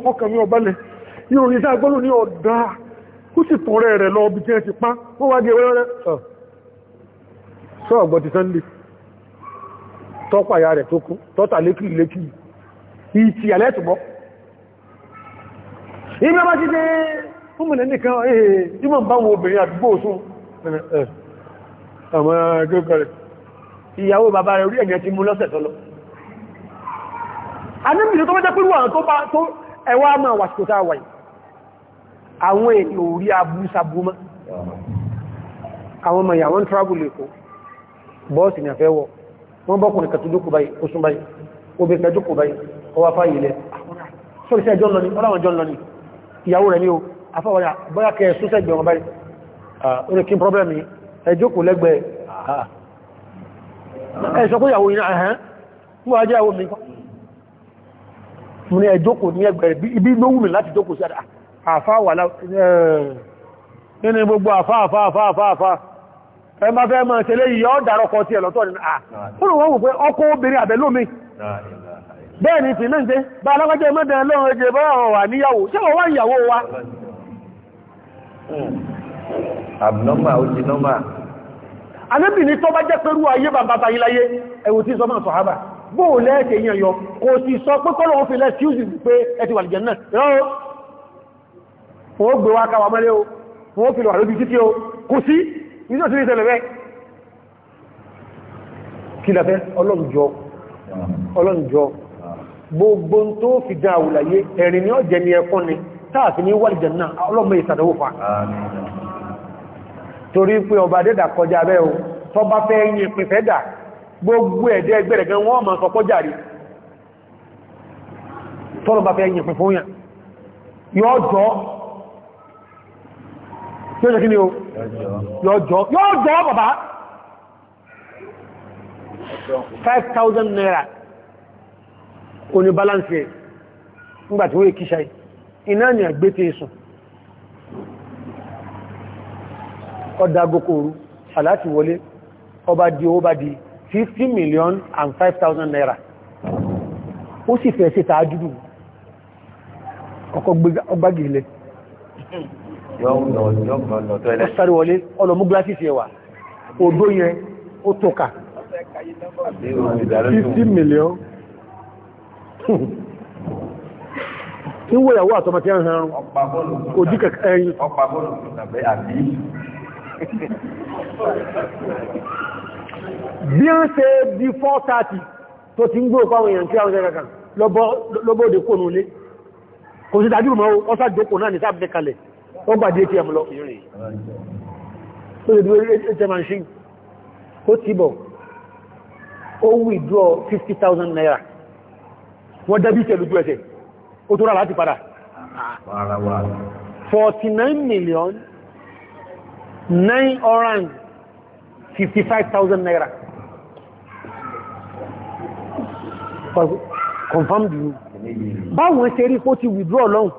ọkàn mi ọ̀bálẹ̀ ti sunday tọ́pàá rẹ̀ tó kú tọ́tà lékìrì lékìrì ìtì àlẹ́tùgbọ́ ibi ọba ti dé fúnmùnẹ̀ nìkan èè eh, ìmọ̀ bá wọn obìnrin àdúgbò sún àwọn agbẹ́gbẹ̀rẹ̀ ìyàwó bàbá rẹ̀ orí ẹ̀yẹ ti mú lọ́sẹ̀ tọ́lọ àwọn ọmọ ìyàwó ń travel lè kó bọ́ọ̀sì ni àfẹ́wọ̀ wọ́n bọ́kùnrin kàtù jókù báyìí oṣùn báyìí obìnrin kàtù jókù báyìí ọwá fáyì ilẹ̀ sọ́rọ̀ sí ẹjọ́ lọ́ni ọlọ́wọ̀n jọ lọ́ni ìyàwó rẹ̀ ah, ní o afọ́wọ́yà bọ́yá kẹ ṣúṣẹ́ ìgbẹ̀wọ̀n báyìí orí kí problem ẹjọ́kù lẹ́gbẹ̀ẹ́ ah. ẹ̀ṣọ́kú ìyàwó ẹmà fẹ́ máa tẹ́lé ìyọ́ dárọ́kọ tí ẹ̀lọ́tọ́ ni à fún òun wò pé ọkọ obìnrin àbẹ̀ lómi bẹ́ẹ̀ ni tìlẹ́ ṣe bá alágbájẹ́ mẹ́ta lọ́rọ̀ ẹgbẹ̀ bá wọn wà níyàwó ṣé wọ́n wá ìyàwó wa abnormal ó ti normal anẹ́bìnrin tó bá jẹ́ pẹ̀rú ayé bàbá báyí láyé ẹ̀wò tí sọmọ́ sọ̀hábà bóò lẹ́ẹ̀kẹ́ yẹn yọ kò sì sọ pé kọ́lọ̀ ó fi lẹ́ ṣíúsì pé ẹ ti wà lìjẹ̀ náà rọ́rọ́ wọ́n gbé wá káwà mẹ́lẹ́ o wọ́n fi lọ àrójú títí o kò sí ìjọ sí ìṣẹ̀lẹ̀ bẹ́ẹ̀ kí lafẹ́ ọlọ́njọ́ ọlọ́njọ́ gbogbo tó fi dá àwùláyé ẹ̀rin ni ó jẹ ní ẹkún ni táàfin ní wàlìjẹ̀ náà ọlọ́mọ ìsàdọ̀wò fa torí pé ọba dẹ́dà kọjá bẹ́ o tọ́ bá fẹ́ yìn fẹ́ dà gbogbo ẹ̀dẹ́ kọjá tọ́lọ bá fẹ́ jọ tí ó jẹ́ kí ni o yọjọ́ yọjọ́ bàbá 5,000 naira oní balance ẹ̀ nígbàtí ó yẹ kíṣà iná ni àgbé tí sùn ọdá agokòrò aláti wọlé ọba di owó bá di 50 million and 5,000 naira ó sì fẹ́ sí tàájúdù ọkọ̀ gbágìlẹ̀ ẹ̀sàrí wọlé ọlọ́mú glasses ẹwà odó yẹn ó tókà 50 million tí ń wòyàwó àtọmọ tí ń hàn ojú kẹkẹ ẹyìn bí ń ṣe di 430 tó ti ń gbé òkú àwọn èèyàn tí àwọn ẹ̀kẹ́kẹ́ lọ́bọ́ òdè kò nulé kò sí dájú mọ́ ọ́sá jókòó náà ní sáàbẹ̀ kalẹ̀ ó gbàdé tí ẹmù lọ ó lè dúró atm machine ó ti bọ̀ ó withdraw 50,000 naira wọ́n dẹ́bí tẹ̀lú jú ẹsẹ̀ ó tó rà láti padà 49 million 9 oran 55,000 naira confirmed you báwọn ṣe rí kó withdraw lọ́hùn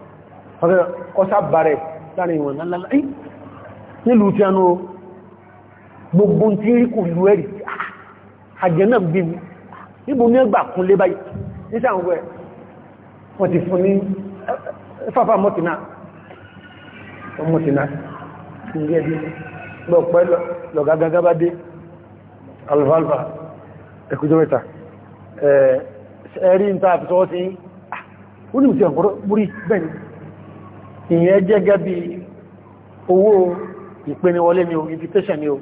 ọ̀sábàrẹ̀ láàrin ìwọ̀n lálálá nílùú tí a nú gbogbo tí rí kò lú ẹ̀rì àjẹ́ náà bí mi níbo ní ẹgbà kún lé báyìí ní sáwọn ọgbẹ̀ wọ́n ti fún ní fàfà mọ́tínà mọ́tínà ní ẹbí gbọ́pẹ́ lọ̀gágágábádé alfalfa ẹkùjọ́ mẹ́ta ẹ̀rí ń ta àfisọ́wọ́ sí ah, ó ní ìsẹ̀ ọ̀pọ̀rọ̀ múrí bẹ́ẹ̀ ìyẹn jẹ́ bí owó ìpéniwọlé ni o invitation ni o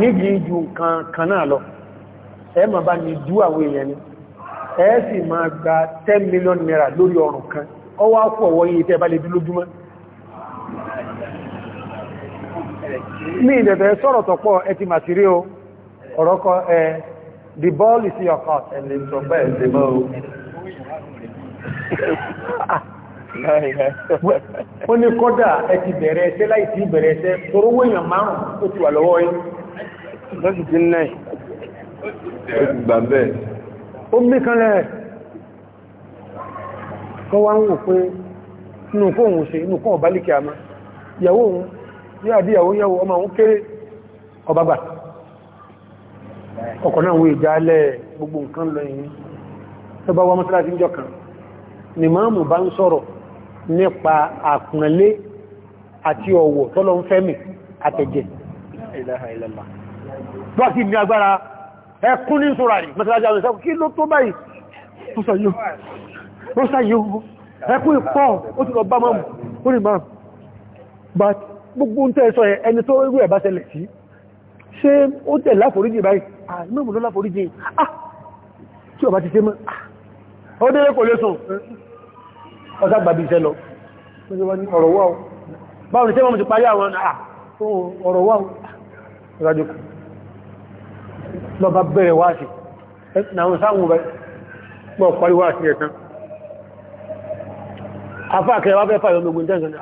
níbi ju nǹkan kan náà lọ ẹ ma bá ní jú àwọn èèyàn ni ẹ sì máa gba 10 million naira lórí ọrùn kan ọwọ́ àpò ọwọ́ yìí tẹ́ bá lè dúlójúmọ́ ní ìdẹ̀tẹ̀ sọ̀rọ̀ tọ̀pọ̀ ẹ ti màtí rí o ẹ the ball is your wọ́n ni kọ́dà ẹ ti bẹ̀rẹ̀ ẹsẹ́ láì bẹ̀rẹ̀ èèyàn márùn-ún ó ti wà lọ́wọ́ yín. lọ́sì ti náà ó ti gbà bẹ́ẹ̀. ó mí kanlẹ̀ ọmọ òun kéré ọkọ̀ náà ìjálẹ̀ gbogbo nǹkan lọ kan ni máàmù bá ń nípa àpọ̀nlé àti ọ̀wọ̀ tọ́lọ ń fẹ́mì àtẹ̀jẹ̀ lọ́sí ní agbára ẹkún ní ṣòra rí mẹ́sàájá àwọn ìṣẹ́kù kí ló tó báyìí ó sàyí ogun ẹkún ìpọ̀ ó ti lọ bá mọ́mù ó rí mọ́mù but gbogbo ń tẹ́ẹ̀sọ ẹni tó rú ẹ̀bá ṣẹlẹ̀ sí ṣe ó tẹ̀ láforíjì báyìí ah mẹ́mù ló láforíjì ah tí ọba ti ṣe mọ́ ah, ọ̀sá gbàbí iṣẹ́ lọ ọ̀rọ̀ wà ó báwọn ní sẹ́wọ́n ti parí àwọn ọ̀rọ̀ wà ó rájòkù lọ bá bẹ̀rẹ̀ wá sí náà sáwọn pọ̀ parí wá sí ẹ̀tàn afáàkẹ́ wá fẹ́ fàyọ gbogbo ìjẹ́sàn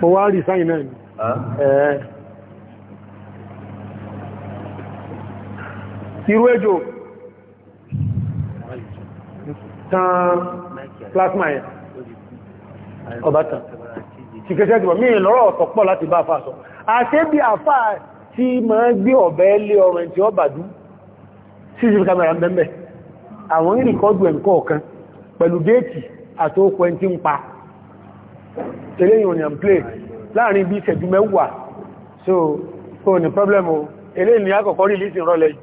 mo irú ẹjọ́ tán plasma yẹn ọba tán ti kẹsẹ́ ti bọ̀ mí lọ́rọ̀ ọ̀tọ̀ pọ̀ láti bá fà sọ àṣẹ bí àfà tí ma ń gbé ọ̀bẹ lé ọrọ̀ ẹ̀ tí ó bàdú cc camera ń bẹ́m̀bẹ̀ àwọn ìrìkọ́dù ẹ̀ǹkọ́ ọ̀kan pẹ̀lú déètì àtókò ẹ̀ tí ń pa eléyìn òní and play láàrin bí ìṣẹ́jú mẹ́wàá so kò ní problem o eléyìn ni àkọ́kọ́ release ìrọ̀lẹ́ yìí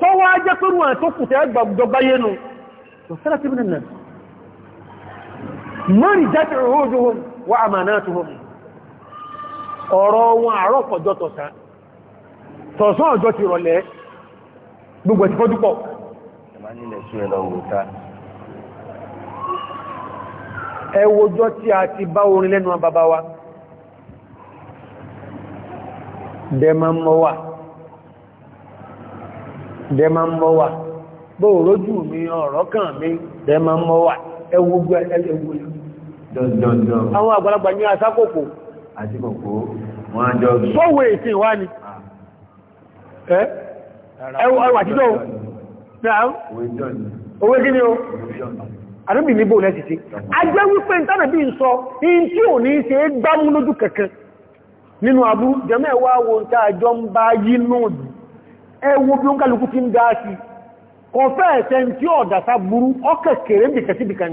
tó wá jẹ́ pẹ̀lú àwọn tó kùtẹ́ gbọgbáyé nù wàsálàtí mìíràn náà mọ́rí jáde rúrúdúhùn wà àmànàtúhùn ọ̀rọ̀ wọn àárọ̀ kọjọ́ tọ̀sá tọ̀sán ọjọ́ ti rọ̀lẹ́ gbogbo ti ẹwọjọ́ tí a ti bá orin lẹ́nu bàbá wa dẹ̀mọ̀ wà dẹ́mà ń mọ́ wà bó rójú mi ọ̀rọ̀ kàn mi dẹ́mà ń mọ́ wà ẹwú gbẹ́ ẹlẹ́wú dọ̀dọ̀dọ̀ àwọn àgbàlagbà ní asákòkò àtíkòkò wọ́n jọ bí sọ́wọ́ ètì wá ni ah. ẹwà títọ́ owó kí ni o àdúgbì ní bóò lẹ́sìtì a jẹ́ wípé ìtànàbí ń sọ in tí ò ní ṣe é gbámú lójú kẹ̀kẹ́ nínú abú jẹ́mẹ́ wá ń tàà jọ ń bá yínú ẹwọ bí ó ń kálukú fi ń dá sí kọfẹ́ ẹ̀sẹ̀ tí ọ̀dà sá burú ọkẹ̀kẹ̀rẹ̀ bìkẹ̀síbìkan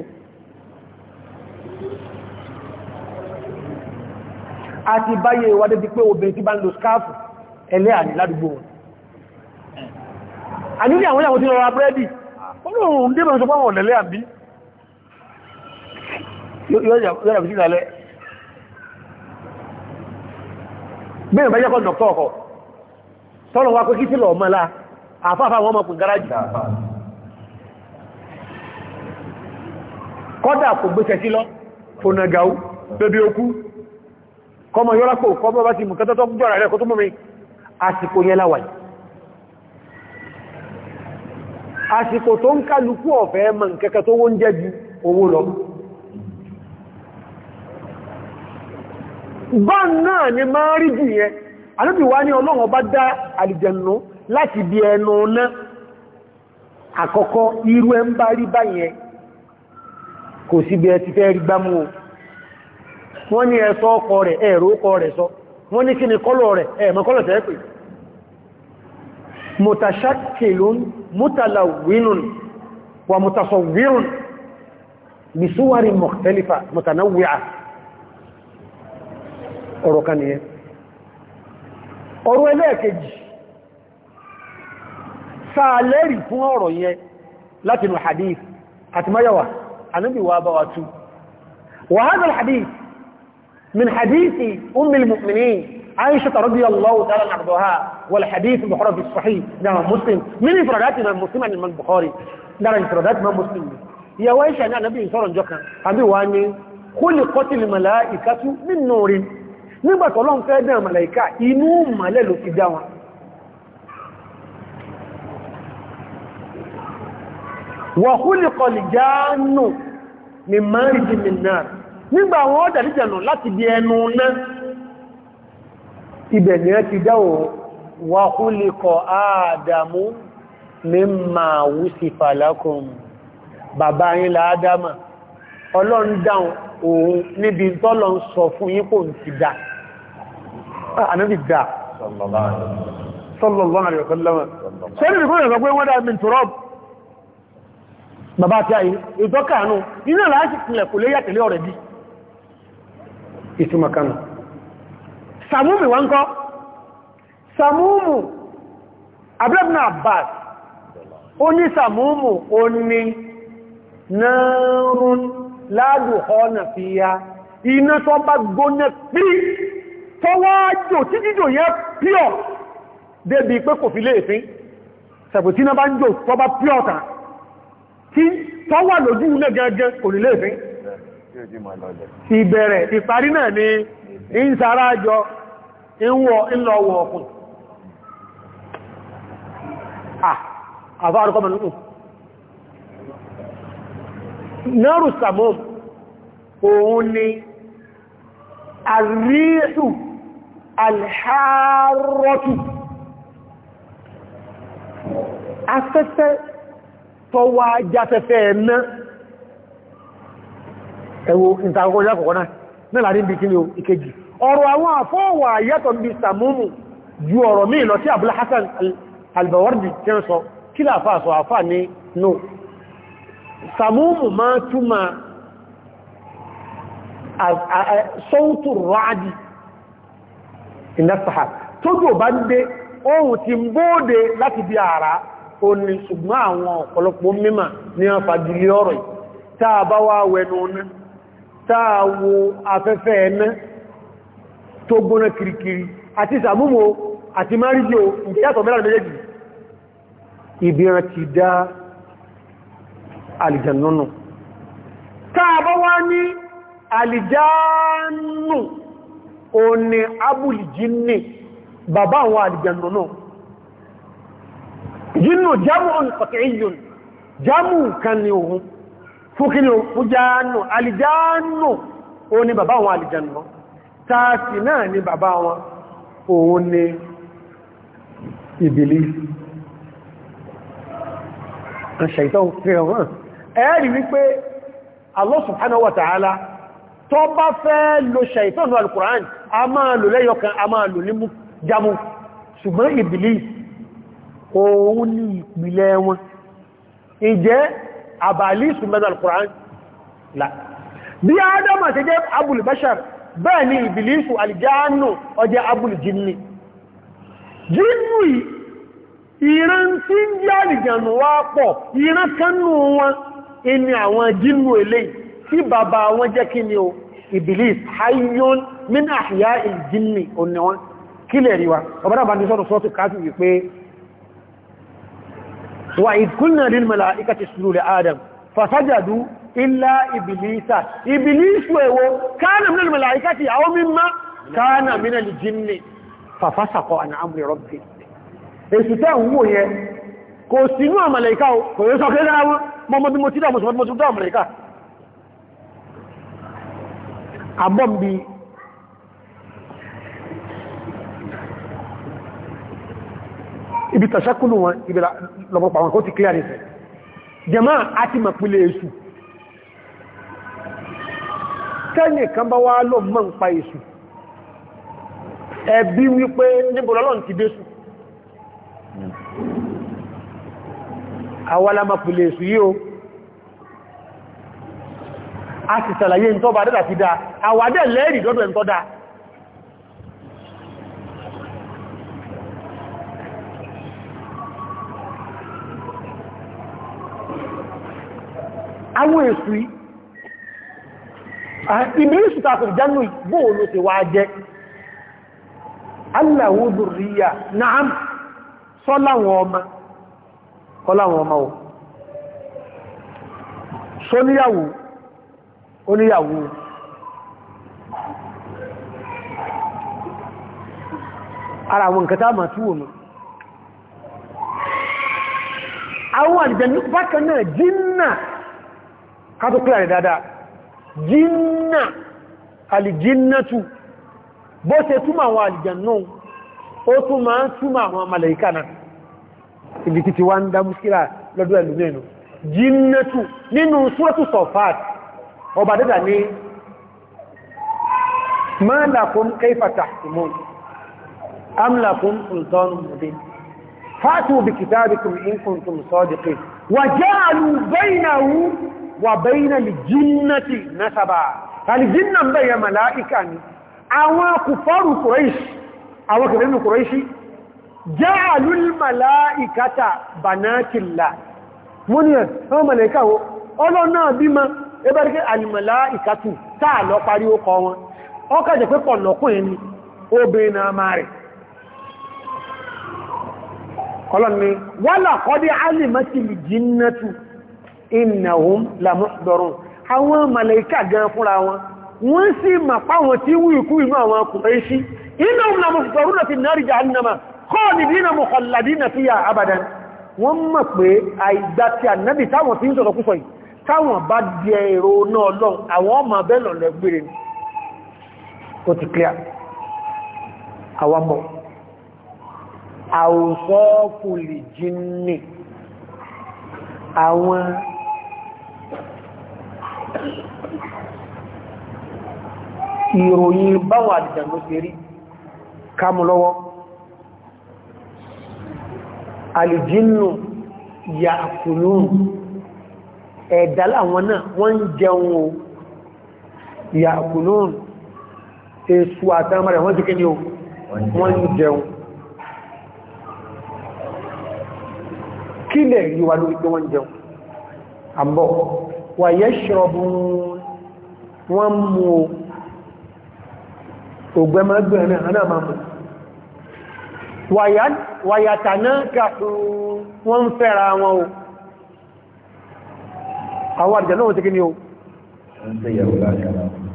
àti báyé ìwádé bí pé obìnrin tí bá ń lo skáàfù ẹlẹ́ àní ládùgbò wọn ànílé bẹ́ẹ̀ bá jẹ́kọ́ dọ̀kọ́ ọkọ̀ tọ́lọ̀ wa kó kí sí lọ mọ́lá àfáfà wọn mọ̀kùn gáràjì kọ́dà kò gbéṣẹ́ sí lọ fònàgáú bébí okú kọmọ yọ́lápò kọmọ bá ti mùkẹ́tọ́ tó gbọ́ra rẹ̀ kó tó mọ́mí àsìkò yẹn láwà àsìkò tó ń kálukú ọ̀fẹ́ mọ̀ nkẹ́kẹ́ tó wọ́n jẹ́ ju owó lọ bọ́n náà ni máa rí jù yẹn alóbi wá ní ọlọ́run bá dá àlìjẹ̀nù láti bí ẹnu ọ̀nà àkọ́kọ́ irú ẹ ń bá rí báyẹn kò sí bí ẹ ti fẹ́ rí gbámú o wọ́n ní ẹ̀sọ́ ọkọ̀ rẹ̀ ẹ̀rọ ọkọ̀ rẹ̀ sọ wọ́n ní kí ni kọ́lọ̀ rẹ̀ ọ̀rọ̀ ẹlẹ́ẹ̀kejì sáàlẹ́rì fún ọ̀rọ̀ yẹn láti nù hadith àti mayawa anábì wa bá wa tú wa hadha al-hadith min hadithi ummil mu'minin aisha radiyallahu ta'ala anha wal hadith bukhari fi sahih na muslim min ifradat imam muslim an imam bukhari dara ifradat imam muslim ya wa aisha na nabi sọ̀rọ̀ njokan abi wa ni khuliqatil malaikatu min nurin nígbàtọ̀ lọ́n fẹ́ dẹ̀ màláíkà inú màlẹ́ ló fi dá wọn wọ̀kúlì kọlì jáánù ni máa rí jí mìíràn nígbà àwọn ọ̀dà jíjànà láti bí ẹnu náà ibẹ̀ ni ẹ ti dáwò wọ̀kúlì kọ áàdàmú mímà wúsì fàlákùn bàbá yín láádámà ọlọ́run òun níbi tọ́lọ ń sọ fún yín ti dáa Ah, ànábì dà sallallahu alaihi wasallam sẹ́ni nìkan yẹ̀ sọ pé wọ́n dá mi tọ́rọ̀ bàbá àti àyè ìdọ́kàánú nínú láti pìlẹ̀ kò léyà tẹ̀lé ọ̀rẹ́ bí ìtumakanu sàmúmù wọ́n kọ́ sàmúmù abúrẹ́bìnà abbas ó ní sàmúmù ó ní náàrùn láàrùn ọ̀nà fìyà iná tó bá tó wá jò tí jíjò yẹn píọ̀ débi pé kò fi lè fín sẹ̀pù bá ń jò tó bá tàn tí tó wà lójú ilé gẹ́gẹ́ kò lè fín ìbẹ̀rẹ̀ ìparí náà ni ń sára ìwọ̀ ìlọ̀wọ̀ alhárọ́tù afẹ́fẹ́ tọwà jáfẹ́fẹ́ ẹ̀nà ẹ̀wò ìtàkọ̀ọ́lá kọ̀kọ́ náà nílà ní bí kíni ìkejì ọ̀rọ̀ àwọn àfọ́wà yàtọ̀ bí sàmúmù ju ọ̀rọ̀ míì lọ sí Abul Hasan al-Bawardi tí ń sọ kí láàfáà sọ àfáà ní no sàmúmù máa túnmà sọ́ọ̀tù rọ́ádìí ìnáṣàhà tójú ò bá ń dé ohun ti ń bóòdè láti bí ààrá o ní ṣùgbọ́n àwọn ọ̀pọ̀lọpọ̀ mímọ̀ ní àfàdìlé ọ̀rọ̀ táà bá wá wẹnu ọ̀nà táà wo afẹ́fẹ́ ẹ̀nà tó gbóná kìrìkìrì àti sàmúmò àti máríjò o ni abúlì jíní bàbá àwọn àlìjànnà náà jínú jámù ọ̀nàkọ̀tẹ̀yìn jámù kan ni òun fúkílò fújánù àlìjànnà o ni bàbá àwọn àlìjànnà tààtì náà ni bàbá wọn òun ni ìbìlì ṣàìtàn fẹ́ràn Allah subhanahu wa ta'ala tó bá fẹ́ lo ṣẹ̀ìtàn ní alkùnrán a máa lò lẹ́yọkan a máa lò ní jamu ṣùgbọ́n Iblis òun ní ìpìlẹ̀ wọn ìjẹ́ àbàlì ṣùgbọ́n alkùnrán là bí Ádámà ti jẹ́ Abul Bashar bẹ́ẹ̀ ni Iblis alìjáánù ọjẹ́ Abul Jinni jinnu ìran tí ń jẹ́ àlìjànù wá pọ̀ ìran kanú wọn ìní àwọn tí bàbá wọn jẹ́ kí ni o Iblis hayyun min àhìyá ìjìnlẹ̀ òní wọn kí lè ríwa ọbára bá ní sọ́rọ̀ sọ́tù káàkiri wípé wà ìkúnnà lil mala'ikati isjudu li Adam fasajadu illa Iblisa Iblisu èwo kana min al-mala'ikati aw mimma kana min al-jinni fafasaqa an amri rabbih èsù tẹ́ ń wò yẹn kò sínú àmàlẹ̀ká kò yẹ́ sọ kẹ́lẹ́ àwọn mọ́mọ́ bí mo ti dáa mọ̀ abọ́m bi ibi tàṣákùnù wọn ibi lọ́pọ̀pọ̀ àwọn kó ti kílẹ̀ àrífẹ́ jẹmọ́ àti mọ̀pínlẹ̀ èṣù tẹ́lẹ̀ kan bá wá lọ mọ́ ń pa èṣù ẹ̀bí wípé níbo lọ́lọ́n ti dé sùn àwọ́lá mọ̀pínlẹ̀ èṣù yìí a ti sàlàyé ń tọ́bà dẹ́dà ti dá àwádẹ́ lẹ́rì lọ́dọ̀ ẹ̀ tọ́dá àwọn èsù ìbírí sùtàkùn jánú bóòlù ti wá jẹ́ Allahu dhurriya na'am sọ́láwọn ọmọ kọ́láwọn ọmọ ò oníyàwó ara àwọn nǹkan táàmà tí wò mọ́ àwọn àjẹ̀nú bákan náà jínà kátó kílà rẹ̀ dáadáa jínà alìjínàtù bó ṣe túnmà àwọn àjẹ̀nú ó tún ma ń túnmà àwọn màláíkà náà ibi títí wá ń dá múṣkílà lọ́dọ̀ ẹlùmẹ́nu jínàtù nínú súrọ́tù sọ̀fàtì ọba dẹ́dà ní ma lakum kayfa tahkumun am lakum sultanun mubin fatu bi kitabikum in kuntum sadiqin wa ja'alu bainahu wa bainal jinnati nasaba kàlìjínà ń bẹ̀yẹ màláìkà ni àwọn kùfọ́rù kùrẹ́ṣì àwọn kìrìnù kùrẹ́ṣì jẹ́ àlúlmàláìkàtà bànákìlá múnìyàn ọmọ màláìkà wọ́n ọlọ́nà bí ma ẹbẹ̀rẹ̀ kí alìmọ̀lá ìkàtù táà lọ parí ó kọ wọn ọ kàjẹ̀ pé pọ̀ lọ́kùn ẹni obìnrin náà máa rẹ̀ kọlọ́ni wọ́lá kọ́dí alìmọ̀tìlì jinnatu innahum lamusdorun àwọn màlàíkà gan fúnra wọn wọ́n sì mà páwọn tí wú ikú inú àwọn Quraishi mọ̀ pé àìgbà tí ànábì táwọn fi ń sọ̀rọ̀ kúsọ̀ yìí táwọn bá di ẹ̀rọ náà lọ́n àwọn ọmọ bẹ́ẹ̀ lọ́lẹ̀ gbére ni ó ti clear àwọn mọ̀ àwòsọ́kù lè jí ní àwọn ìròyìn báwọn àdìjànú ti rí kámù lọ́wọ́ alìjínú yà kùlùrù ẹ̀dá láwọn náà wọ́n ń jẹun o ìyàkùnún èsù àtàmà rẹ̀ wọ́n ti kí ni o wọ́n ń jẹun kí lẹ̀ rí wa lórí pé wọ́n jẹun àbọ̀ wà yẹ́ ṣọ́bùn wọ́n mú ògbẹ́mọ́gbẹ̀rẹ̀ náà máa mú wàyàtà náà kàtù wọ́n fẹ́ra wọn o àwọn àdìjẹ̀ ti kí ni o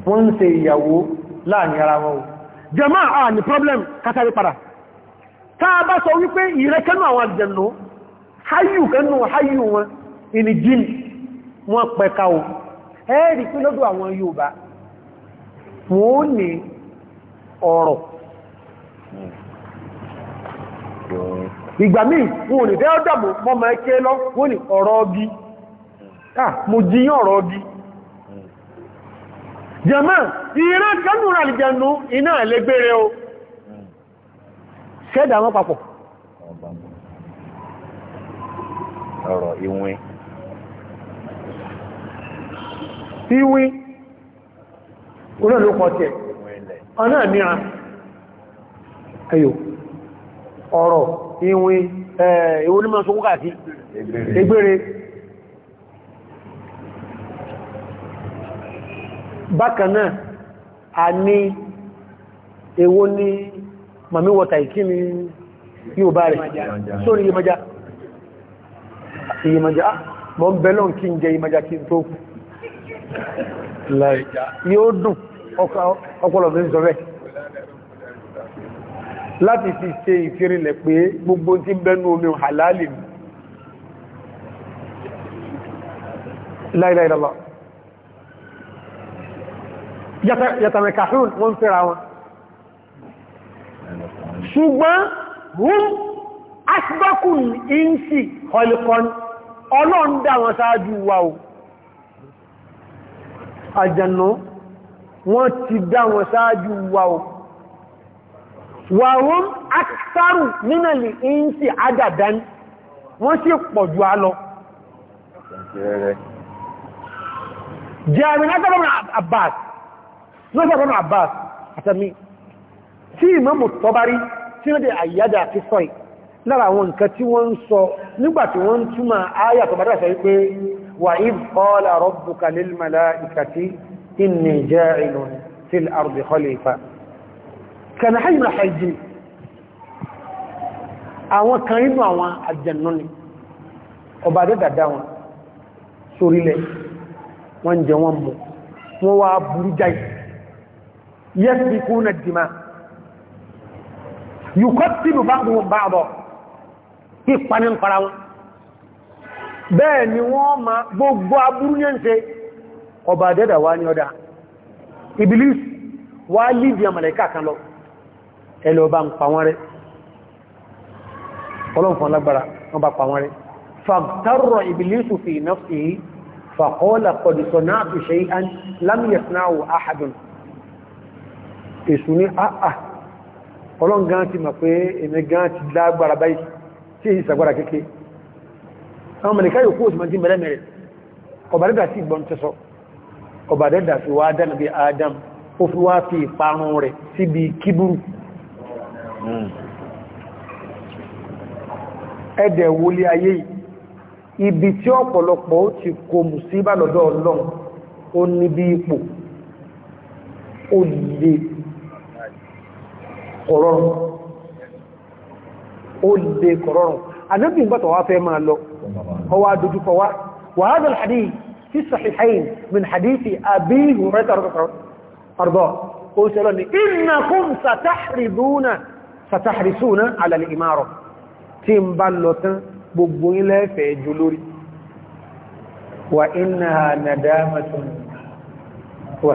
wọ́n ń ṣe ìyàwó láàrin ara wọn o jẹ́mọ́ à problem kátàrí padà táa bá sọ wípé ìrẹ́kẹ́nù àwọn àdìjẹ̀ hayu háyù kẹ́nù háyù wọn ìní jíìnì wọ́n pẹ̀ka o ẹ́ẹ̀rí pé lọ́dọ̀ àwọn Yorùbá wọ́n ní ọ̀rọ̀ ò ní ọ̀rọ̀ ah mo jiyàn ọ̀rọ̀ bí jẹ́mọ́ ìran kanúra àlìjẹnu iná ẹ̀lẹ́gbẹ̀rẹ̀ o ṣẹ́dà wọn papọ̀ ọ̀rọ̀ ìwìn ìwìn olóòlùpọ̀ tẹ̀ ọ̀nà mìíràn ayò ọ̀rọ̀ ìwìn ẹ̀ẹ̀wò ní mọ́ bákanáà a ní èwo ní mami wọta ìkí ni yóò bá rẹ̀ sórí yímaja yímaja ah, mọ́ bẹ́lọ́n kí n jẹ yímaja kí n tó kù yóò dùn ọpọlọ mi ń sọ bẹ́ láti fi ṣe ìfirinlẹ̀ pé gbogbo tí bẹnu omi halali láìláìlọ́lọ́ yàtàmẹ̀kàhún wọ́n fẹ́ra wọn ṣùgbọ́n wọ́n asibakun insi holikon ọlọ́n dá wọn sáájú wa o àjànà wọ́n ti dá wọn sáájú wa o wàhún aksaru nínàlì insi adadan wọ́n sì pọ̀jù alọ jẹ́ àmì lọ́sẹ̀ ọ̀nà Abbas àtàmì tí Imam Tabari tí wọ́n dẹ̀ àyádà àti sọ́ì lára àwọn nǹkan tí wọ́n ń sọ nígbàtí wọ́n túnmà áyà tó bàdá sọ wípé wa idh qala rabbuka lil mala'ikati inni ja'ilun fil ardi khalifa wọ́n jẹ wọ́n mọ̀ wọ́n wá burú jáì يسبقون الدماء يقتل بعضهم بعضا ìpanin para wọn bẹ́ẹ̀ ni wọ́n ma gbogbo aburú ní ẹ̀ṣẹ́ ọba dẹ́dà wá ní ọdá Iblis wá lìdí àmàlẹ̀ká kan lọ ẹlẹ ọba ń pa wọ́n rẹ̀ ọlọ́nfọn lágbára wọ́n bá pa wọ́n rẹ̀ fàtàrọ̀ Iblis fi nafsihi faqala qad sana'tu shay'an lam èṣù ní àà ah, ah, ọlọ́n gan ti mọ̀ pé èmẹ gan ti lágbára báyìí tí èyí sàgbára kéèké àwọn mẹ̀lẹ̀ká yóò kú òsì mọ́jí mẹ́rẹ́mẹ́rẹ́ ọbàdẹ́dà sí ìgbọ́n tẹ́sọ ọbàdẹ́dà fi wá dánà bí adam ó fi wá fi ìparun rẹ̀ síbi kíbúrú ẹ̀dẹ̀ wọlé ayé ibi tí ọ̀pọ̀lọpọ̀ ó ti kò mù sí bá lọ́dọ̀ ọlọ́run ó ní bí ipò ó lè kọ̀rọ̀rùn ó lè kọ̀rọ̀rùn anábì ń bọ́tọ̀ wá fẹ́ máa lọ ọwá dojúkọ wá وهذا الحديث في الصحيحين من حديث أبي هريرة أرضاه وسألني إنكم ستحربون ستحرسون على الإمارة تنبلتن gbogbo ilẹ̀ ẹ̀fẹ̀ jù lórí wà iná nàdámatun wà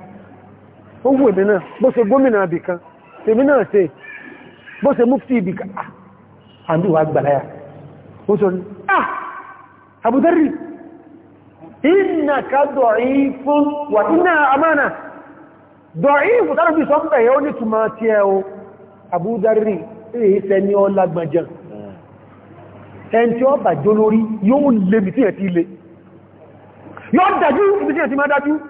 ó wù èmì náà bó ṣe gómìnà àbìkan tèmi náà ṣe bó ṣe múfti ìbìkan ah, àbíwà gbàláyà ó sọ ah, ní ah àbúdárì iná ká dọ̀rí fún wà iná àmánà dọ̀rí fún tánà bí sọ́pẹ̀ yóò ní túnmà tí ẹ o àbúdárì èyí fẹ́ ní ọ lágbàjá ẹn tí ó bàjọ́ lórí yóò lè bí tí ẹ̀ ti lè yóò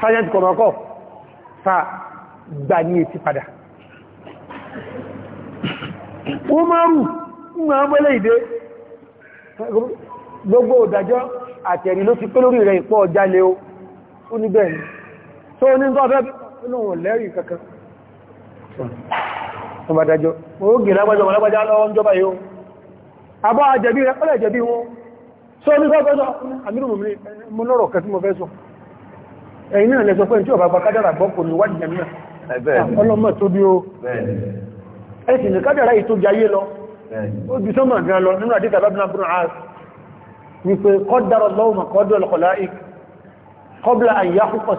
sergeant kọ̀mọ̀kọ́ fa gbà ní etí padà umaru ma ń wẹ́lẹ̀ ìdé gbogbo òdàjọ́ àtẹ̀rí ló ti pé lórí rẹ̀ ìpọ̀ ọjálé o ó ní bẹ́ẹ̀ ni tó ní ń tọ́fẹ́ lóhun lẹ́rì kankan ọmọdájọ́ ó gẹ̀ lágbàjọ́ ọmọdájọ́ lọ́wọ́ ń jọba yóò abọ́ àjẹ̀bí rẹ̀ pẹ́lẹ̀ jẹ̀bí wọn só ní tọ́fẹ́ sọ ẹ̀yìn náà lẹ́sọ pé tí ọba kádàrà gbọ́kò ní wájì jẹ́mìnà ah, ọlọ́mọ tó bí ó ẹ̀sì ní kádàrà yìí tó jayé lọ ó bí sọ́mọ̀ gan lọ nínú àdíkà bábìnà bùn áàs wípé qaddara Allahu maqadira al-khalaiq qabla an yakhluqa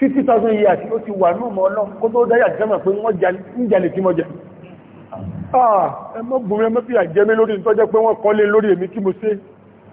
as years ó ti wà náà mọ́ kó tó dáyà jẹ́mà pé wọ́n jalè tí mọ́jẹ̀ ah, ah ẹmọ́gbùnrin ẹmọ́bí àjẹ́mẹ́ lórí ìtọ́jẹ́ pé wọ́n kọ́lé lórí èmi tí mo ṣe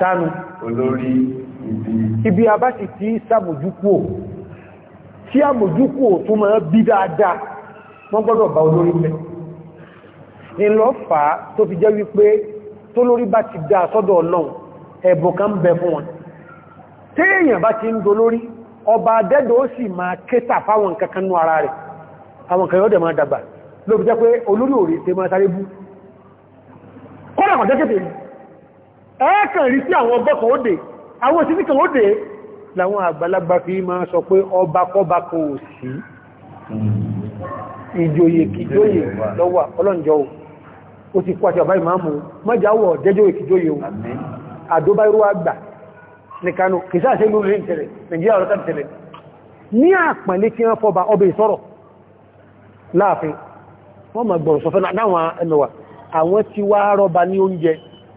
tánu olórí ibi ibi a bá sì ti sàmójúkúò tí àmójúkúò tó máa bí dáadáa wọ́n gbọ́dọ̀ bá olórí pẹ̀ ìlọ́fà tó fi jẹ́ wípé tó lórí bá ti dá sọ́dọ̀ ọlọ́run ẹ̀bùn kan bẹ fún wọn téèyàn bá ti ń do lórí ọba adẹ́dọ̀ ó sì máa kéta fáwọn kankan nú ẹ́ẹ̀kàn rí sí àwọn ọgbọ́kàn ó dé àwọn òsìsíkàn ó dé láwọn àgbàlagbà fi máa sọ pé ọba kọba kò sí ìjòyè kìjòyè lọ́wà ọlọ́njọ́ ó ti kú àti ọba ìmáàmù mọ́jáwọ̀ jẹ́jòyè kìjòyè o àdóbá irú àgbà ní Kano kìsá sí ìlú rìn tẹ̀lẹ̀ Nàìjíríà ọ̀rọ̀ tàbí tẹ̀lẹ̀ ní àpàlé tí wọ́n fọba ọbẹ̀ ìsọ́rọ̀ láàfin wọ́n ma gbọ̀rọ̀ sọfẹ́ náà àwọn ẹmẹ̀wà wá rọba ní oúnjẹ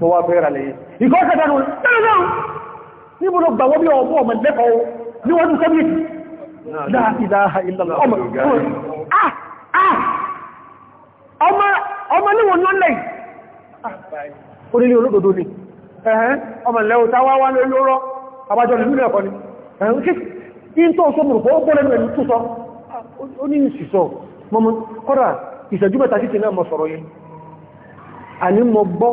mo wá fẹ́ ralẹ̀ yẹn ìkọ́ kẹtàrù tẹ́lẹ̀lẹ́ níbo ló gbàwọ́ bí ọmọ ọmọ lẹ́kọ̀ọ́ ní wọ́n tún sẹ́bíyèsí láàá ìlàlá ọmọ níwọ̀n lọ́lẹ̀ orílẹ̀ olódodo ni ọmọ lẹ́wọ̀ táwá wá lórí lórọ́ àbájọ nílùú ẹ̀kọ́ ni in tó sọ mùrùkọ́ ó bọ́lẹ̀ ẹ̀lú tó sọ ah, ó ní ìsìsọ mọ́mọ́ kọ́dà ìṣẹ́jú mẹ́ta sí ti náà mọ́ sọ̀rọ̀ yẹn àní mọ́ gbọ́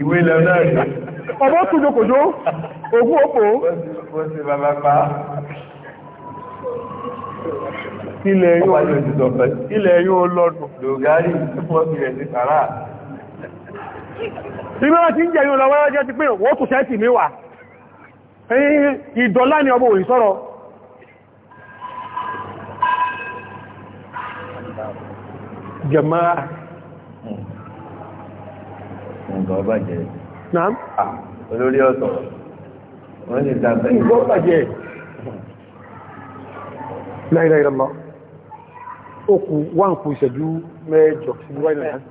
ìwé lọ náà rí ọmọ kùjòkòjò ogún òpó ó sì bàbá pa ilẹ̀ yóò ilẹ̀ yóò lọ́dún lògárí fún ọ̀sẹ̀ ti sàrà ìmọ́ra ti ń jẹ́ yóò lọ wáyé jẹ́ ti pé wọ́n kù sẹ́ẹ̀tì mi wà ìdọ́lá ni ọmọ òyìn sọ̀rọ̀ jẹ̀máà nǹkan bàjẹ́. naam. olórí ọ̀sọ̀ wọ́n ti ta bẹ́ẹ̀. nǹkan bàjẹ́. láyé láyé lọ ó kù wọ́n kù ìṣẹ́jú mẹ́jọ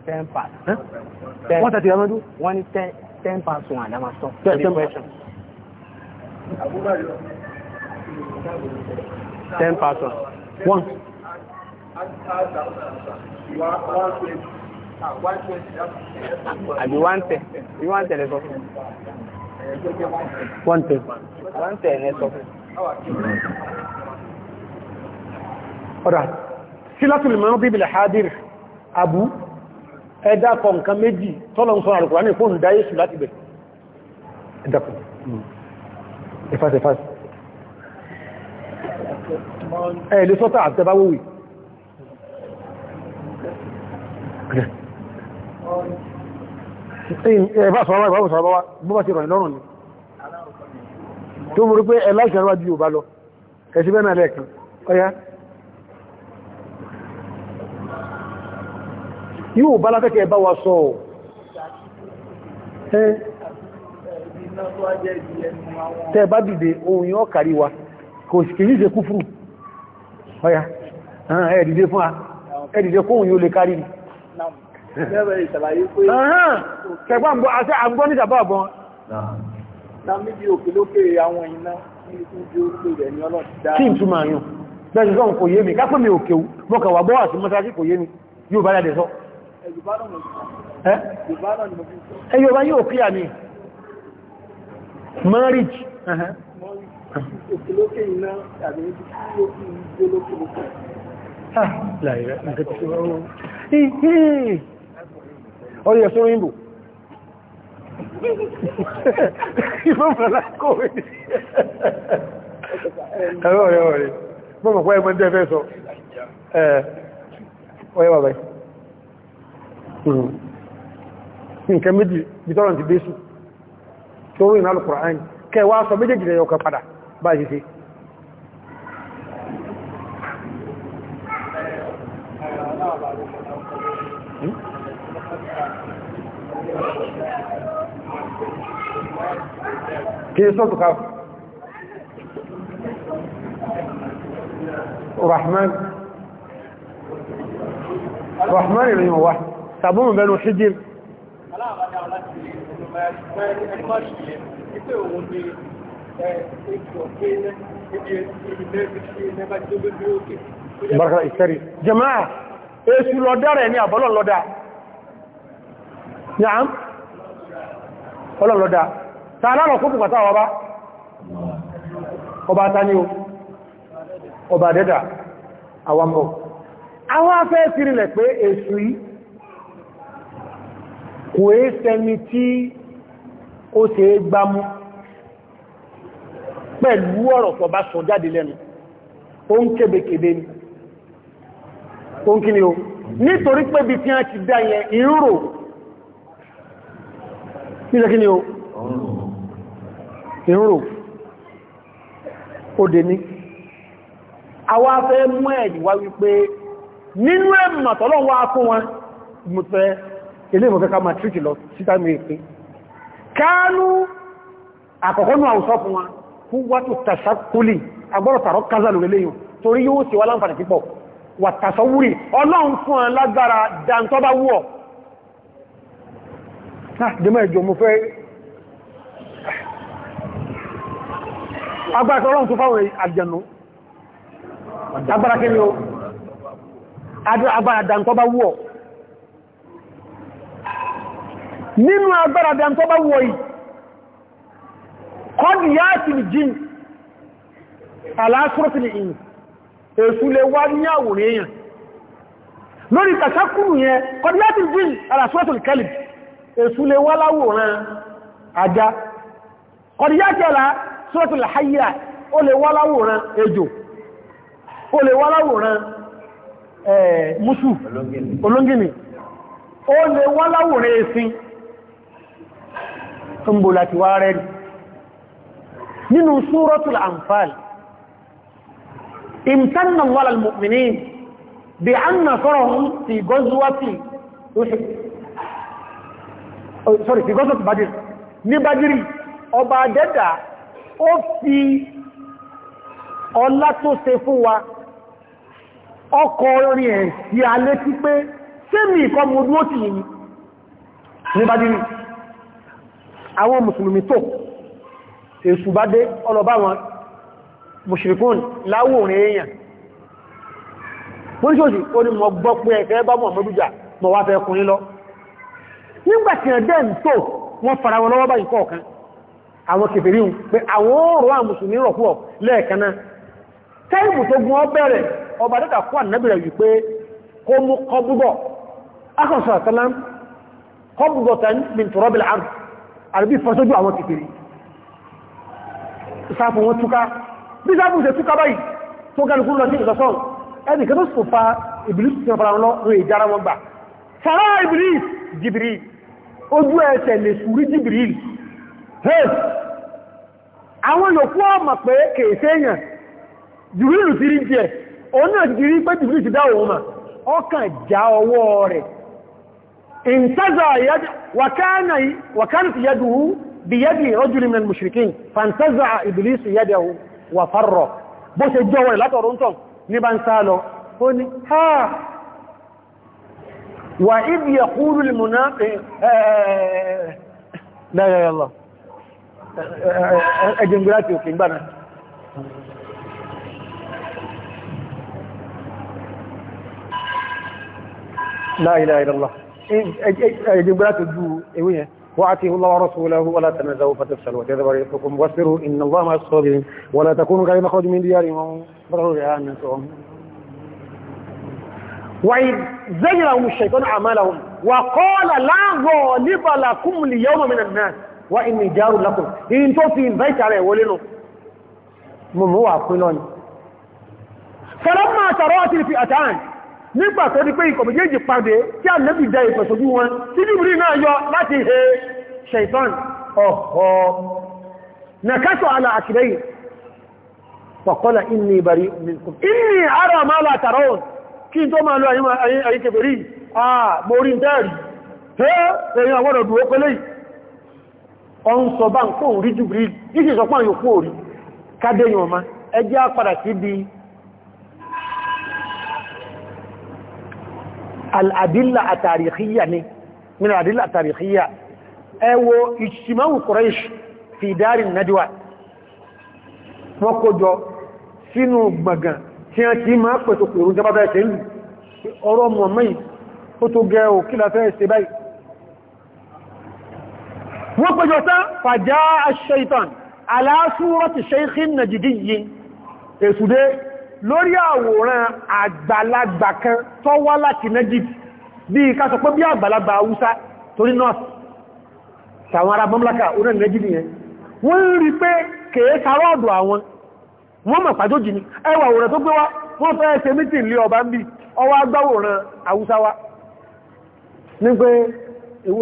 ten pass. wọ́n tàti amadu. wọ́n ní ten ten pass wọn àdámà sọ. ten ten pass. ten pass one. one àbí one ten bí one ten lẹ sọ fún one ten one ten lẹ sọ fún. ọ̀rọ̀ sílátù lè máa ń bíbí lẹ́hádìrì àbú ẹ̀dá kọ nǹkan méjì tọ́lọ ń sọ àrùkùnrà ní fóònù dáyé sù láti bẹ̀ ẹ̀dàkùn ìfàṣẹ̀fàṣẹ̀ ẹ̀ lè sọ́tà àtẹ́báwòwì ẹ̀bá sọ̀rọ̀ ìbáwọ̀ sọ̀rọ̀ wá bọ́bá ti rọ̀lẹ̀ lọ́rùn ni tó mú rí pé ẹláṣẹ̀rọ̀ ju yóò bá lọ ẹ̀ṣí bẹ́ẹ̀ náà lẹ́ẹ̀kan ọya yóò bá látẹ́kẹ̀ ẹ̀bá wa sọ tẹ́ bá dìde ohun yóò kàrí wa kò sì kìí ṣe kúfùrù ọya ẹ̀dìde fún a ẹ̀dìde kóhun yóò lè kárí ni Lẹ́bẹ̀ Kẹ̀gbọ́n àti àgbọ́ ní ìjàmbá ọ̀gbọ́n. Lámídì òkè lókè àwọn iná ní ìtújú òkè rẹ̀ ní ọlọ́tí Kí n òkè mọ́kà wà gbọ́wà sí mọ́sáàkì kí àmì. Marriage. Òkè lókè lókè lókè. Ah, láìrẹ́, ọ̀rọ̀ yẹ̀ sórí ìbò ìfọ́nfàlá kòwé ẹ̀rọ ọ̀rẹ́ ọ̀rẹ́ mọ́mọ̀ pẹ́ ẹmọ jẹ́ fẹ́ sọ ọ̀rẹ́ bàbá hmm. nǹkan méjì bitọ́rọ̀ ti bẹ́sù tó rí ìnà alùkùránì kẹwàá sọ méjèèjì rẹ̀ ọkà padà bá ṣe ṣe Hmm? kìí sọ́tù káfù rahman rahman ìrìn wà tàbùn bẹnu ṣíjìm Barka ìsẹ́rì. Jama'a, èṣù lọ dára ẹni àbọ́lọ̀ lọ́dá. Ya'am? Ọlọ́lọ́dá ta lọ́rọ̀ kó bùkàtà ọba ọba tani o ọba dẹ́dà àwọmọ̀ àwọn afẹ́ sírílẹ̀ pé èsù yìí kò é sẹni tí ó ṣe é gbámú pẹ̀lú ọ̀rọ̀ tó bá sọ jáde lẹ́nu ó ń kébèkébé ni ó ń kí ni o nítorí pé bí tí a ti dá yẹn ìrò nítorí kí ni o ìrò òdè ní àwọn afẹ́ mú ẹ̀dì wá wípé nínú ẹ̀mà tọ́lọ́ wá fún wọn mọ̀tẹ́ ilé ìmọ̀kẹ́kà matriki lọ síta mẹ́ẹ̀kẹ́ kánú àkọ́kọ́nù àwùsọ́ fún wọn fún wátò tàṣàkúlì agbọ́rọ̀ tààrọ kázà lórílẹ́yìn torí yóò sì wá láǹfààní pípọ̀ wà tàṣàwúrì ọlọ́run fún ọ agbára kan ọlọ́run tó fáwọn àjẹ̀nú agbára kí ni ó agbára dàntọ́ bá wọ́ nínú agbára dàntọ́ bá wọ́ yìí kọ́dì yá ti jìn aláàsúrọ̀tìlì ìyìn èsù lè wá ní àwòrán èèyàn lórí tàṣákùnù yẹn kọ́dì yá ti jìn aláàsúrọ̀tìlì kẹlì èsù lè wá láwòrán yá suratul hayya ó lè wá láwòrán ejò ó lè wá láwòrán mùsù olóngìnì ó lè wá láwòrán ẹṣin ń bò láti wá rẹ̀ nínú suratul anfal امتن الله على المؤمنين بأن نصرهم في غزوة سوري في غزوة بدر ní Badiri ọba dẹ́dà ó fi ọlá tó ṣe fún wa ọkọ̀ orin ẹ̀ sí alé tí pé sẹ́mì ìkọ́ mo dúó tì yìí ní bá dínú àwọn mùsùlùmí tó èṣù bá dé ọlọ́bá wọn mùsùlùmí láwòrán èèyàn oríṣòṣì ó ní mọ̀ gbọ́ pé ẹ̀fẹ́ bá mọ̀ mọ́dújà mọ̀ wá fẹ́ ọkùnrin lọ nígbàtí ẹ̀dẹ́ ń tó wọ́n fara wọn lọ́wọ́ báyìí kọ̀ọ̀kan àwọn kèfèríhùn pé àwọn òòrùn àwọn mùsùlùmí rọ̀kúrọ̀ lẹ́ẹ̀kaná tẹ́ìbù tó gún ọ bẹ̀rẹ̀ ọba dẹ́ta kó ànábìrẹ̀ wípé kó mú kọbúgọ̀ akọ̀sọ̀rọ̀tọ́lám kọbúgọ̀ tán min turabil ard àrùbí fọ́sójú àwọn kèfèrí ìsáfù wọn túká bí sáfù ṣe túká báyìí tó gálùkú lọ sí ìlọsọ́n ẹni kẹ́ ojú ẹsẹ̀ lè sùúrí jìbìrì àwọn yòókù ọmọ pé kèèṣẹ́ èèyàn jùbílù ti rí jẹ́ òun náà ti rí pé jùbílù ti dá òun mà ọkàn já ọwọ́ rẹ̀ ìntẹ́zà wàkánà ti yẹ́dù bíyẹ́dì rọ́jùlì mẹ́rin mushrikin fàntẹ́zà ìbìlìsì yẹ́dù wà farrọ̀ bó ṣe jọwọ́ rẹ̀ ẹjìn gbé láti òkè gbára la ilaha illallah ẹjìn gbé láti ojú ewé yẹn الله ورسوله ولا تنزوا فتفشلوا وتذبر يفكم واصبروا إن الله مع الصابرين ولا تكونوا كالذين خرجوا من ديارهم وبرروا رئاء الناس وإذ زين لهم الشيطان أعمالهم وقال لا غالب لكم اليوم من الناس wá inú ìjárù lápùn in tó fi invite rẹ̀ wọlé nù mọ̀mọ̀ wà pín lọ́nà fọ́lọ́mà àtàrọ́ àti ìfi àtàrán nígbà tó ní pé ikọ̀ méjèèjì pàdé tí ànẹ́bì dá ìpẹ̀ sójú wọn tí níbìrí náà yọ láti he ṣẹ̀tàn ọ̀họ̀ na kásọ̀ ala àkìrẹ́yì pọ̀kọ́lá inú ìbàrí inú ara máa látàrọ́ kí tó máa lọ ayé kẹfẹ̀rí ah, ọ́n sọ bá ń kó orí jùbìrí ìṣẹ́ ìṣọ́pọ̀ yóò kó orí kádẹ́yìn ọmọ ẹjẹ́ àpàdà sí bí al'adílà àtàríkíyà ni min ẹwọ ìṣìmáwù Quraysh fi dárí nàdíwà wọ́n kójọ sínú gbọ̀ngàn tí a ti máa pẹ̀tọ̀ pẹ̀rún jẹ́ wọ́n pẹ̀jọ tán fàjá aṣẹ́ìtàn aláṣúrọ̀tì ṣeéhìn nàìjíríyí èsùdé lórí àwòrán àgbàlagbà kan tó wá láti Nàìjíríà bí i kásọ pé bí àgbàlagbà Haúsá torí north tàwọn ará mamlaka orí Nàìjíríyí yẹn wọ́n rí pé kèé sarọ́ọ̀dọ̀ àwọn wọ́n mọ̀ pàjójì ni ẹwà òrẹ̀ tó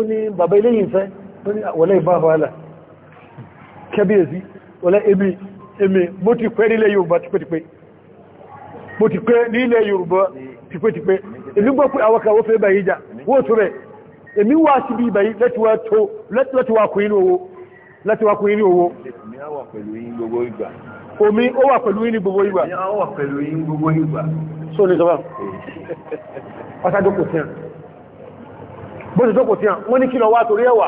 ni bàbá ilé yìí fẹ́ wọlé ìbá fàálà kẹbíyèsí wọlé èmi emi mo ti pẹ́ nílẹ̀ Yorùbá tipẹ́tipẹ́ mo ti pẹ́ nílẹ̀ Yorùbá tipẹ́tipẹ́ èmi gbọ́ pé àwọn kàwọ́ fẹ́ báyìí jà wó tó rẹ̀ èmi wá sí bí báyìí láti wá tó láti wá kùn inú owó láti wá kùn inú owó omi ó wà pẹ̀lú yín ní gbogbo ìgbà so wọ́n ní kí lọ wá torí ẹwà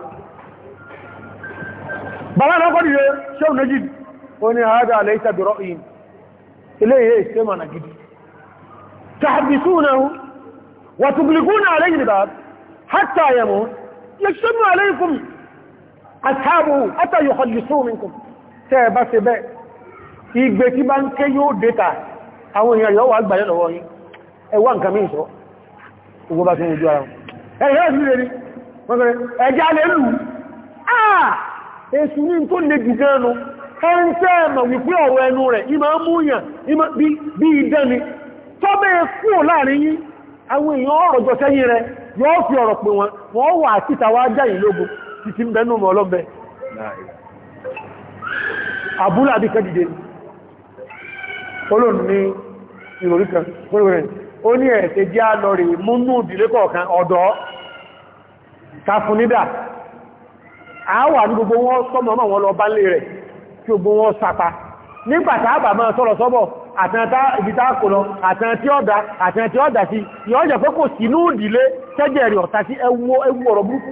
bàbá náà kọ́dì rẹ̀ ṣéun méjì ó ní àádọ́ alẹ́ ìṣàbẹ̀rọ̀ ìyìn ilé ìyẹ́ ìṣẹ́mà nà gidi tàbísúnahu wà tùbìlìkúnà alẹ́ ìrìbà hátà yẹmọ́ lẹ́ṣẹ́mù alẹ́ikùn àtàbù átàyò hàlìsúminkùn tẹ́ bá ṣe bẹ́ ìgbé tí bá ń ké yóò dẹ́ta àwọn èèyàn yóò wà yìí ẹwà nǹkan mìí sọ ogun bá tún ojú èsù tó lè jù gánu ẹ̀ńtẹ́ ẹ̀mọ̀ wípé ọ̀rọ̀ ẹnu rẹ̀ ìmọ̀ múyàn bí ìdẹ́ni tọ́bẹ̀ kúrò láàrin yí àwọn èèyàn ọ̀rọ̀ jọ sẹ́yìn rẹ̀ yóò fi ọ̀rọ̀ pè wọn wọ́n wà títà wá jáyìn lógún títí bẹnu àáwà ní gbogbo wọn sọ́mọ̀ wọn lọ bá lè rẹ̀ tí wọn sapa nígbàtà àbà máa sọ́rọ̀ sọ́bọ̀ àtàntà ìbítà kòlọ àtàntí ọ̀dà àtàntí ọ̀dà sí ìyọ́jẹ̀ pé kò sí ìdílé tẹ́jẹ̀ rí ọ̀tà ẹwọ ewu ọ̀rọ̀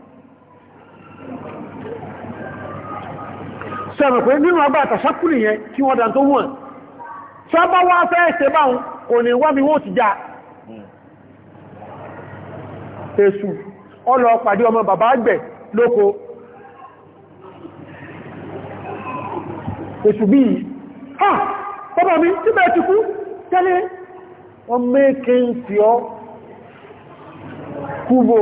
sẹ́rọ̀ pé nínú ọgbà àtàṣákùnrin yẹn tí wọ́n dàn tó wọ́n sọ́bá wá fẹ́ ṣe báhùn kò ní wá bí wọ́n ti já èṣù ọlọ pàdé ọmọ bàbá àgbẹ̀ lóko èṣù bí i ha bàbá mi tí bẹ́ẹ̀ ti kú tẹ́lẹ̀ wọ́n mẹ́kẹ́ ń fi ọ́ kúbò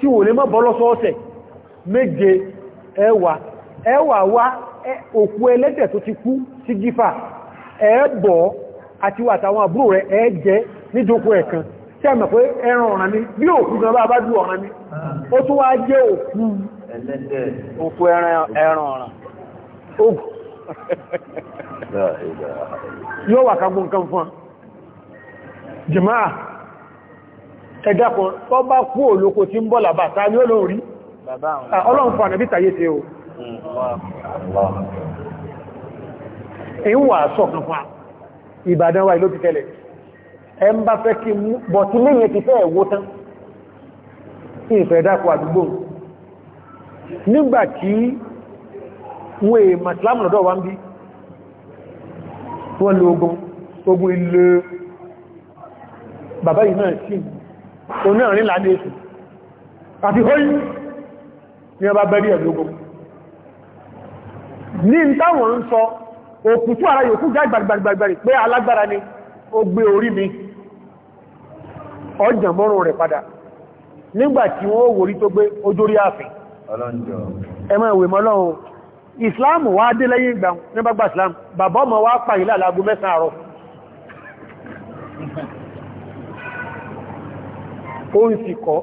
tí wò lè mọ́ bọ́lọ́sọ́ọ̀sẹ̀ méje ẹwà ẹwà wá òkú ẹlẹ́dẹ̀ tó ti kú sí gífà ẹ̀ẹ́bọ̀ àti wàtàwọn àbúrò rẹ̀ ẹ̀ẹ́jẹ́ níjókòó ẹ̀kan tí a mọ̀ pé ẹran ọ̀ràn ni bí òkú gan bá bá dú ọ̀ràn ni ó tún wá jẹ́ òkú ẹran ọ̀ràn ẹ̀dàkùn tó bá kú olóko tí ń bọ́ làbà ta ní olóorí ọlọ́run fún ànàbí tàyé tí ó èyí wà sọ kan fún Ìbàdàn wa ìlú ti tẹ́lẹ̀ ẹ ń bá fẹ́ kí bọ̀ tí lẹ́yìn ti fẹ́ ẹ̀wó tán kí ìfẹ́ dákọ̀ àdúgbò nígbàtí wọ́n è màtìlámù lọ́dọ̀ wá ń bí wọ́n lo yìí náà sí onu ọ̀rin ládé èsù àti hóyí ní ọba bẹ́rí ẹ̀lógún ní ń sọ òkùtù ara yòókù já gbàgbàgbàgbàrì pé alágbára ni ó gbé orí mi ọjàn mọ́rún rẹ̀ padà nígbàtí wọ́n wòrí tó gbé ojórí ààfin Islam wa lẹ́yìn ó ń sì kọ́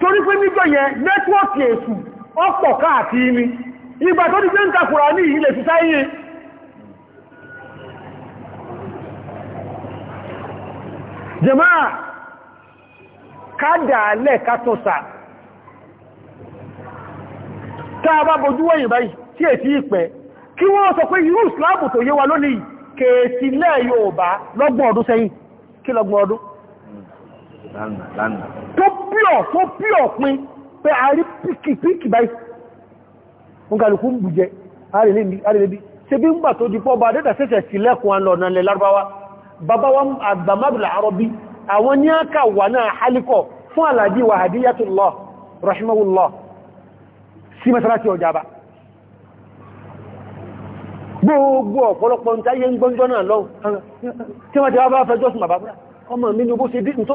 torí pé níjọ́ yẹn nẹ́tíwọ́kì èṣù ọ̀pọ̀ káàkiri ni ìgbà tó ti gbé ń takùrà ní ilẹ̀ ti sáyé jẹmáà kádàálẹ̀ kátọ́sà táa bá bojú wẹ̀yìn báyìí tí èsì kí wọ́n sọ pé irú ìsìláàbù tó yé wa lónìí kèèsì lẹ́ lọ́gbọ̀n ọdún sẹ́yìn kí lọ́gbọ̀n tó píọ̀ tó píọ̀ pin pé a rí píkì píkì báyìí wọ́n kàlùkù ń bù jẹ arìnrìnbí ṣe bí ń gbà tó di pọ́ba dẹ́ta sẹ́sẹ̀ sí lẹ́kùn àlọ́ na lẹ lárúbáwá bàbá wa àgbàmábìlà àrọ́bí àwọn ní àkà wà náà hálíkọ̀ fún àlàjí wa hadiyatullah rahimahullah sí mẹ́sàráti ọjàbá gbogbo ọ̀pọ̀lọpọ̀ ń táyé ń gbọ́njọ́ náà lọ́wọ́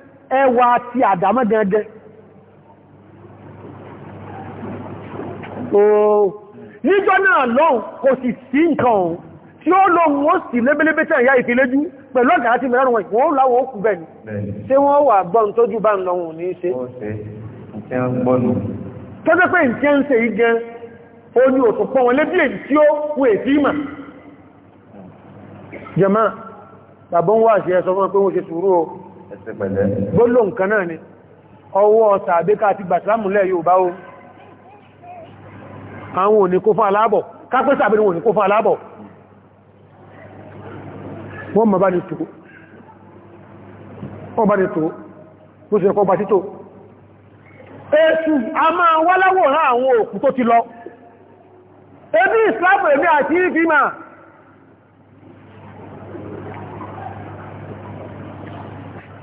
ẹwà ti àdámọ́ dẹ́dẹ́ níjọ́ náà lọ́n kò sì sí nǹkan ohun tí ó lọ wọ́n sì lébélébé tẹ́ ìyá ìfìléjú pẹ̀lú ọ̀gá àti mẹ́rẹ̀rùn wọ́n láwọn ó kù bẹ̀ ní tí wọ́n wà gbọ́n tójú bá ń lọ wọn ní ṣe tó jẹ́ pé ìtẹ́ ń ṣe igẹ́ ó ní òtò pọ́ wọn lébí èyí tí ó wù èsì ìmà jẹ́mà tàbọ́n wà sí ẹsọ fún pé wọ́n ṣe sùúrù gbólóhùn kan náà ni ọwọ́ sàbíkà àti gbàtìlámùlẹ̀ yóò bá ó àwọn òní kó fún aláàbọ̀ kápẹ́ sàbí ni òní kó fún aláàbọ̀ wọ́n ma bá ní tó wọ́n bá ní tó ló sì ẹ̀kọ́ bá títò èsù a máa wá láwòrán àwọn òkú tó ti lọ ebí ìsìláàmù èmì àti ìfìmà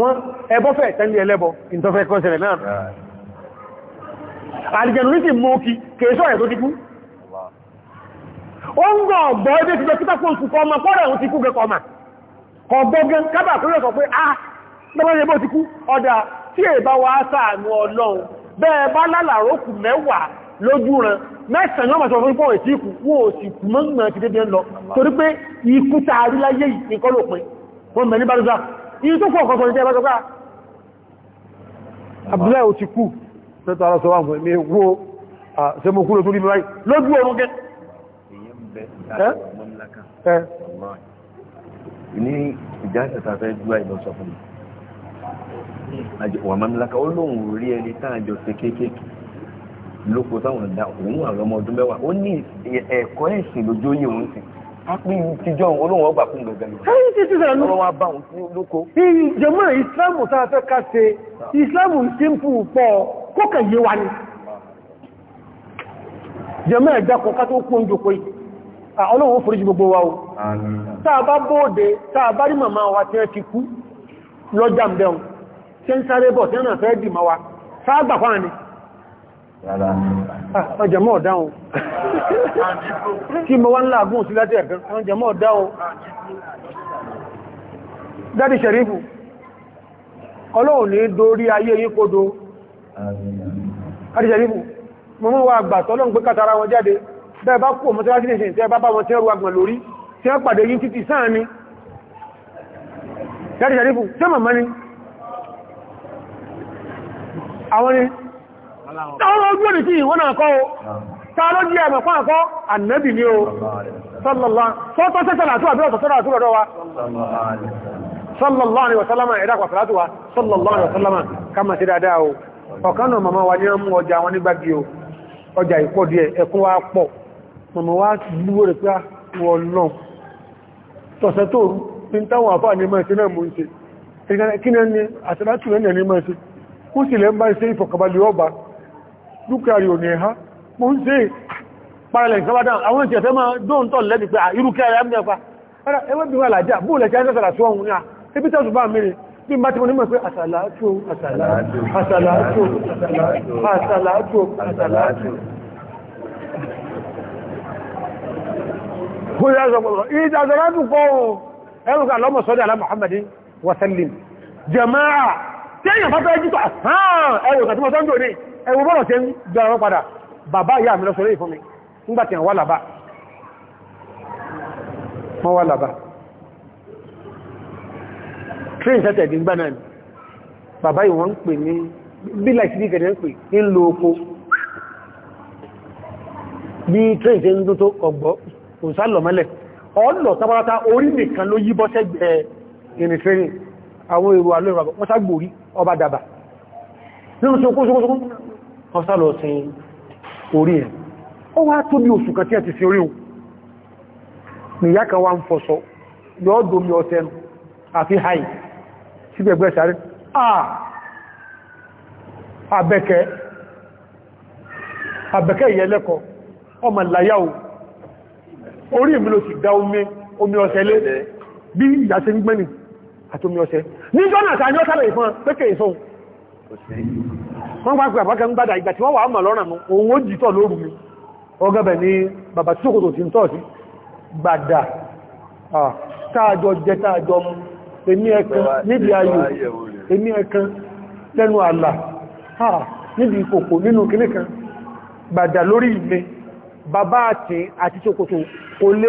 wọ́n ẹbọ́fẹ́ tẹ́lẹ̀ ẹlẹ́bọ ìntọ́fẹ́ kọ́sẹ̀rẹ̀ náà àdìjẹ̀nù ní sì mú kí kèèṣọ́ ẹ̀ tó ti kú ó ń gbọ́ ọ̀gbọ́ ẹgbẹ́ ti jẹ́ títà fún oṣù kọmọ kọ́rọ̀ ẹ̀hùn ti kú gẹ́kọ́ ọmọ kọ̀gbọ́gẹ́ kábà kúrò sọ pé ah lọ́wọ́n ẹgbẹ́ ti kú ọdá tí è bá wá sáànù ọlọ́run bẹ́ẹ̀ bá mẹ́sàn-án yọ́mọ̀ sọ fún ipò ikú wọ́n ò sì kú mọ́gbọ̀n ti débi ń lọ torí pé ikú tààrí láyé ìkọlòpin wọ́n mẹ́ ní bá iye tó fún ọ̀kọ̀ọ̀kọ̀ ìjẹ́ ìbájọ́gbá abúlé ò ti kú tẹ́tà ara sọ wà mọ̀ ní ewó àṣẹmọ̀kúrò tó rí mi báyìí lójú ọrún gẹ́ ní ìjáṣẹ̀ta fẹ́ dúwà ìlọ sọ fún mi wà mamlaka ó lóun rí ẹni táàjọ ṣe kéékèèké lóko táwọn ọ̀dá òun àwọn ọmọ ọdún mẹ́wàá ó ní ẹ̀kọ́ ẹ̀sìn lójú yìí òun sìn apin tijọ́ olóhùn ọgbà fún gbẹ̀gbẹ̀lú ọlọ́wọ́ wa bá òun lóko. ìjẹ̀mọ́ ìsìláàmù tá a fẹ́ ká ṣe ìsìláàmù símpù pọ̀ kókè yé wa ni. jẹ̀mọ́ ẹ̀já kan ká tó kún jòkó yìí ọlọ́wọ́ foríjì gbogbo wa o. tá a bá bóde tá a bá rí màmá wa tí wọ́n ti kú lọ́jà ń bẹ̀rùn tí ń sáré bọ̀ tí wọ́n náà fẹ́ dì máa wa sáà gbà fáwọn ni. Ah, ọjọ̀mọ́ ọ̀dáhùn kí mọ́ wá ńlá agún sí láti ẹ̀kan ọjọ̀mọ́ ọ̀dáhùn dádì ṣẹ̀rífù ọlọ́run ní dórí ayé yí kodo dádì ṣẹ̀rífù mọ́ mọ́ wà àgbà tọ́lọ́n pé kàtàrà wọn jáde bẹ́ẹ̀ bá kú mọ́sílásí nìṣẹ́ tẹ́ bá bá wọn tẹ́rù agbọ̀n lórí tí wọ́n pàdé yín títì sáà ni dádì ṣẹ̀rífù tẹ́ màmá ni àwọn ni Táwọn ojú òdì sí ìwọ́n náà kọ́ o, táà ló jí ẹ̀mẹ̀ fún àkọ́ ànẹ́bì ní o, sallallahu, sọ́tọ́ sẹ́sẹ̀ làtúwà bí ọ̀tọ̀ sallallahu alaihi wasallama sallallahu alaihi wasallama kama ti dáadáa o, ọ̀kan náà mama wa ní ọmọ ọjà wọn nígbàgbé o, ọjà ìpọ̀ díẹ̀ ẹkún wa pọ̀, mama wa lúwò rẹ̀ pé ah, wọ́n náà, tọ̀sẹ̀ tó rú, fi ń táwọn àfáà ní mọ́ ìṣẹ́ náà mú ń ṣe, kí ni àtìlátù rẹ̀ ní dúkìá rí òní ẹ̀há mo ń ṣe paralẹ̀ ìsọ́bádá àwọn ìṣẹ̀ fẹ́ máa dóòntọ̀ lẹ́bi pé irúkẹ́ rẹ̀ mẹ́fà ẹ̀rọ ẹwẹ́bí wà lájá bóòlẹ̀ kí a ń sẹ́sàrà tó ọ̀hún ní à ebi tẹ́sù bá mẹ́rin bí bá ti mọ́ nímọ̀ pé àsàlátò àsàlátò àsàlátò àsàlátò àsàlátò bóyá sọpọ̀lọ̀ ìjàzọ̀látò kọ́ ẹrùkà lọ́mọ̀ sọ́dẹ̀ alá Muhammadin wa tí èyàn fẹ́ fẹ́ jítọ̀ àsán tí mo sọ́njò ní ẹwọ bọ́rọ̀ tẹ́ ń gbà wọn padà bàbá ìyá mi lọ́sọ̀rọ̀ ìfún mi nígbàtí wọ́n wà lábá wọ́n wà lábá train tẹ́tẹ̀ dígbà náà ni bàbá ìwọ̀n ń pè ní bí láìsí bí gẹ̀dẹ̀ ń pè ní lo oko bí train tẹ́ ń tó tó ọgbọ́ kò sálọ mọ́lẹ̀ ọlọ̀ tábátá orí nìkan ló yíbọ́ sẹ́gbẹ̀ ìrìn training àwọn èrò alóìrọ̀ wọ́n ságbòrí ọba wọ́n sálọ sí orí ẹ̀ ó wá tó bí oṣù kan tí ẹ orí o nìyá kan wá ń fọ́sọ yóò domi ọ̀tẹ́nu àfi haì sí gbẹ̀gbẹ̀ sáré àbẹ̀kẹ́ àbẹ̀kẹ́ ìyẹlẹ́kọ̀ ọmọ ìlàyàwó orí mi ló ti dá omi ọsẹ lé bí àti omi ní jọ́nà àti àjọ́ ìfọn pẹ́kẹ̀ wọ́n wá pẹ̀ àbákan gbádà ìgbà tí wọ́n wà mọ̀ lọ́rùn mú òun ó jìtọ̀ lóru mi ọgọ́bẹ̀ ni bàbá tí sókòtò ti ń tọ́ sí gbádà tààjọ jẹ tààjọ mú èmi ẹkan níbi ayò èmi ẹkan lẹ́nu àlà níbi ìkòkò nínú kìnnì kan gbádà lórí ilé bàbá àti àti sókòtò kò lé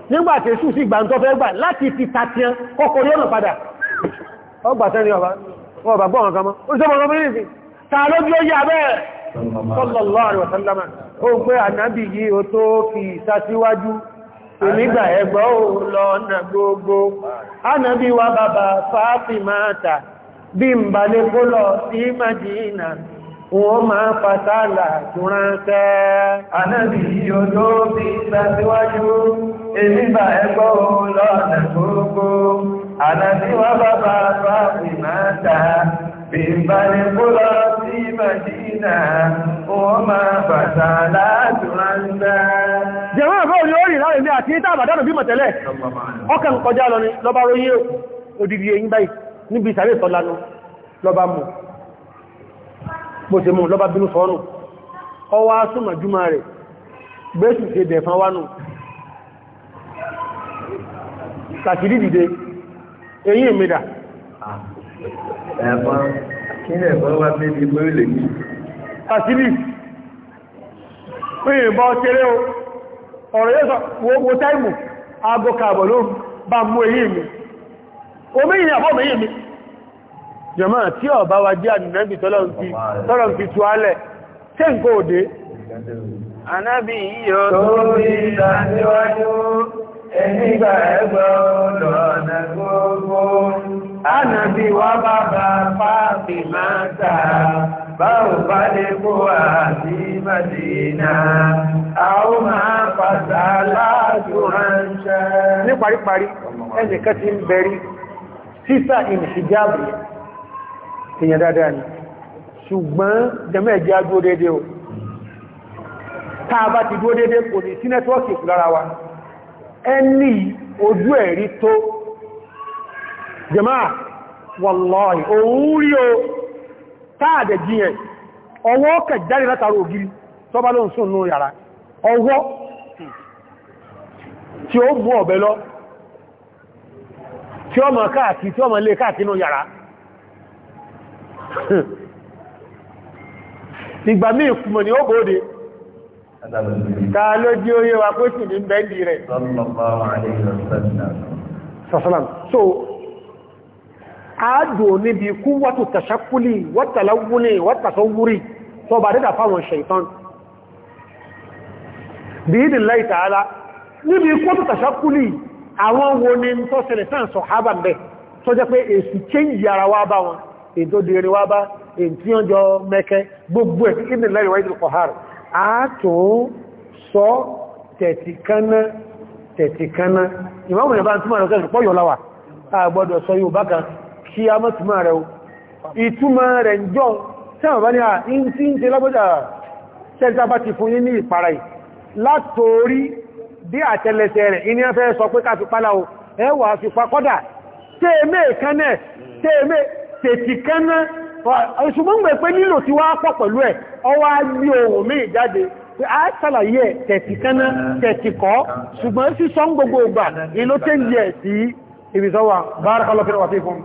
nígbà tí èṣù sí ìgbàntọ́ fẹ́ gbà láti fi tàtíyàn kọkọ̀ yọ́nà padà ọgbà sẹ́ni ọba ọba gbọ́ ọ̀nà kama ó sọ́mọ̀ ọmọ ìrìnsì ta ló bí ó yà bẹ́ẹ̀ sallallahu alaihi wasallam ó ń pé ànábì yìí ó tó fi ìsásíwájú onígbà ẹgbọ́ òun lọ ọ̀nà gbogbo ànábì wa bàbá Fátímátà bí ń balẹ̀ kó lọ sí Madina wọ́n máa pàtàlà tó ránṣẹ́. Ànábì yóò tó bí ìtàsíwájú, èmi bà ẹgbọ́ ohun lọ́nà gbogbo. Ànábì wá bàbá bá fi máa ta, bí n bá ní kó lọ sí Màdínà, wọ́n máa pàtàlà tó ránṣẹ́. Jẹ̀mọ́ ẹ̀fọ́ orí orí láàrin ní àti ìta àbàdánù bí mọ̀tẹ́lẹ̀. Ọkàn kọjá lọ ni lọ́bá róyé òdìdí ẹ̀yìn báyìí níbi ìsàrí ìtọ́lanu lọ́bá mú bóse mú lọ́bá bínú sọ́nù ọwá súnmà júmà rẹ̀ gbésù ṣe bẹ̀fán wánù kàkìrí dìde èyí èmìdà kàkìrí pín ìbọn kéré o ọ̀rọ̀ yóò sọ wo táìmù aago kààbọ̀ ló bá mú èyí èmì omi ìyàfọ́ mi èyí èmì jọmọ́ tí ọ bá jẹ́ ànìyàn tọ́lọ̀ fi tú alẹ̀ tí n kò dé anábì yíò tó bí ìdájúwájú ẹnigbà ẹgbẹ́ ọ̀nà gbogbo anábì wá bàbá pàpì máa ta báwo bá lè kó àti màdínà àwọn máa pàtà láàájú níparíparí ẹnìkan ti ń èyàn dáadáa ni ṣùgbọ́n jẹmọ́ ẹ̀jẹ́ adúró dédé o táa bá ti dúró dédé kò ní sí nẹ́tíwọ́kì lára wa ẹni ojú ẹ̀rí tó jẹmọ́ wọ́lọ́ì òun rí o táàdẹ̀ jíyàn ọwọ́ kẹjáde látàrí ògiri tọ́bá ló ń sùn nú yàrá ọwọ́ tí ó mú ọ̀bẹ lọ tí ó mọ̀ káàkiri tí ó mọ̀ lé káàkiri nú yàrá ìgbà míì kùmọ̀ ni ó bóde ta ló jí oyé wa pé sì ní bẹ́ndì rẹ̀ sọ́sọ́lám so àádò níbi kú wọ́tù tàṣákúlì wọ́tàláwúlì wọ́tàṣọ́wúrì tó bá dídà fáwọn ṣẹ̀tán bí i dìlá ìtàálá níbi kú wọ́tù tàṣákúlì àwọn wo ni tó ṣẹlẹ̀ sáà sọ̀hábà ètò dìrin wá bá èntí ọjọ́ mẹ́kẹ́ gbogbo ẹ̀ kí nìlẹ́ ìwáyé tó kọ̀hárù àátò sọ tẹ̀tìkáná tẹ̀tìkáná ìmọ̀mù ìyàbá túnmà rẹ̀ sẹ́sùn pọ́yọ̀ láwà àgbọ́dọ̀ sọ yóò bá kan kí a mọ́ túnmà rẹ̀ o ìtúnmà rẹ̀ ń jọ sẹ́wọ̀n bá ní à ń tí ń ṣe lágbọ́dà sọ pé ká fi tètì kánná ṣùgbọ́n gbẹ̀ pé nílò tí wá pọ̀ pẹ̀lú ẹ̀ ọwá ní ohun mí ìjáde a ṣàlàyé ẹ̀ tẹ̀tì kánná tẹ̀tì kọ́ ṣùgbọ́n sí sọ́n gbogbo ìgbà ìlú tẹ́ ń yẹ sí ibìsọ́wà barakallahu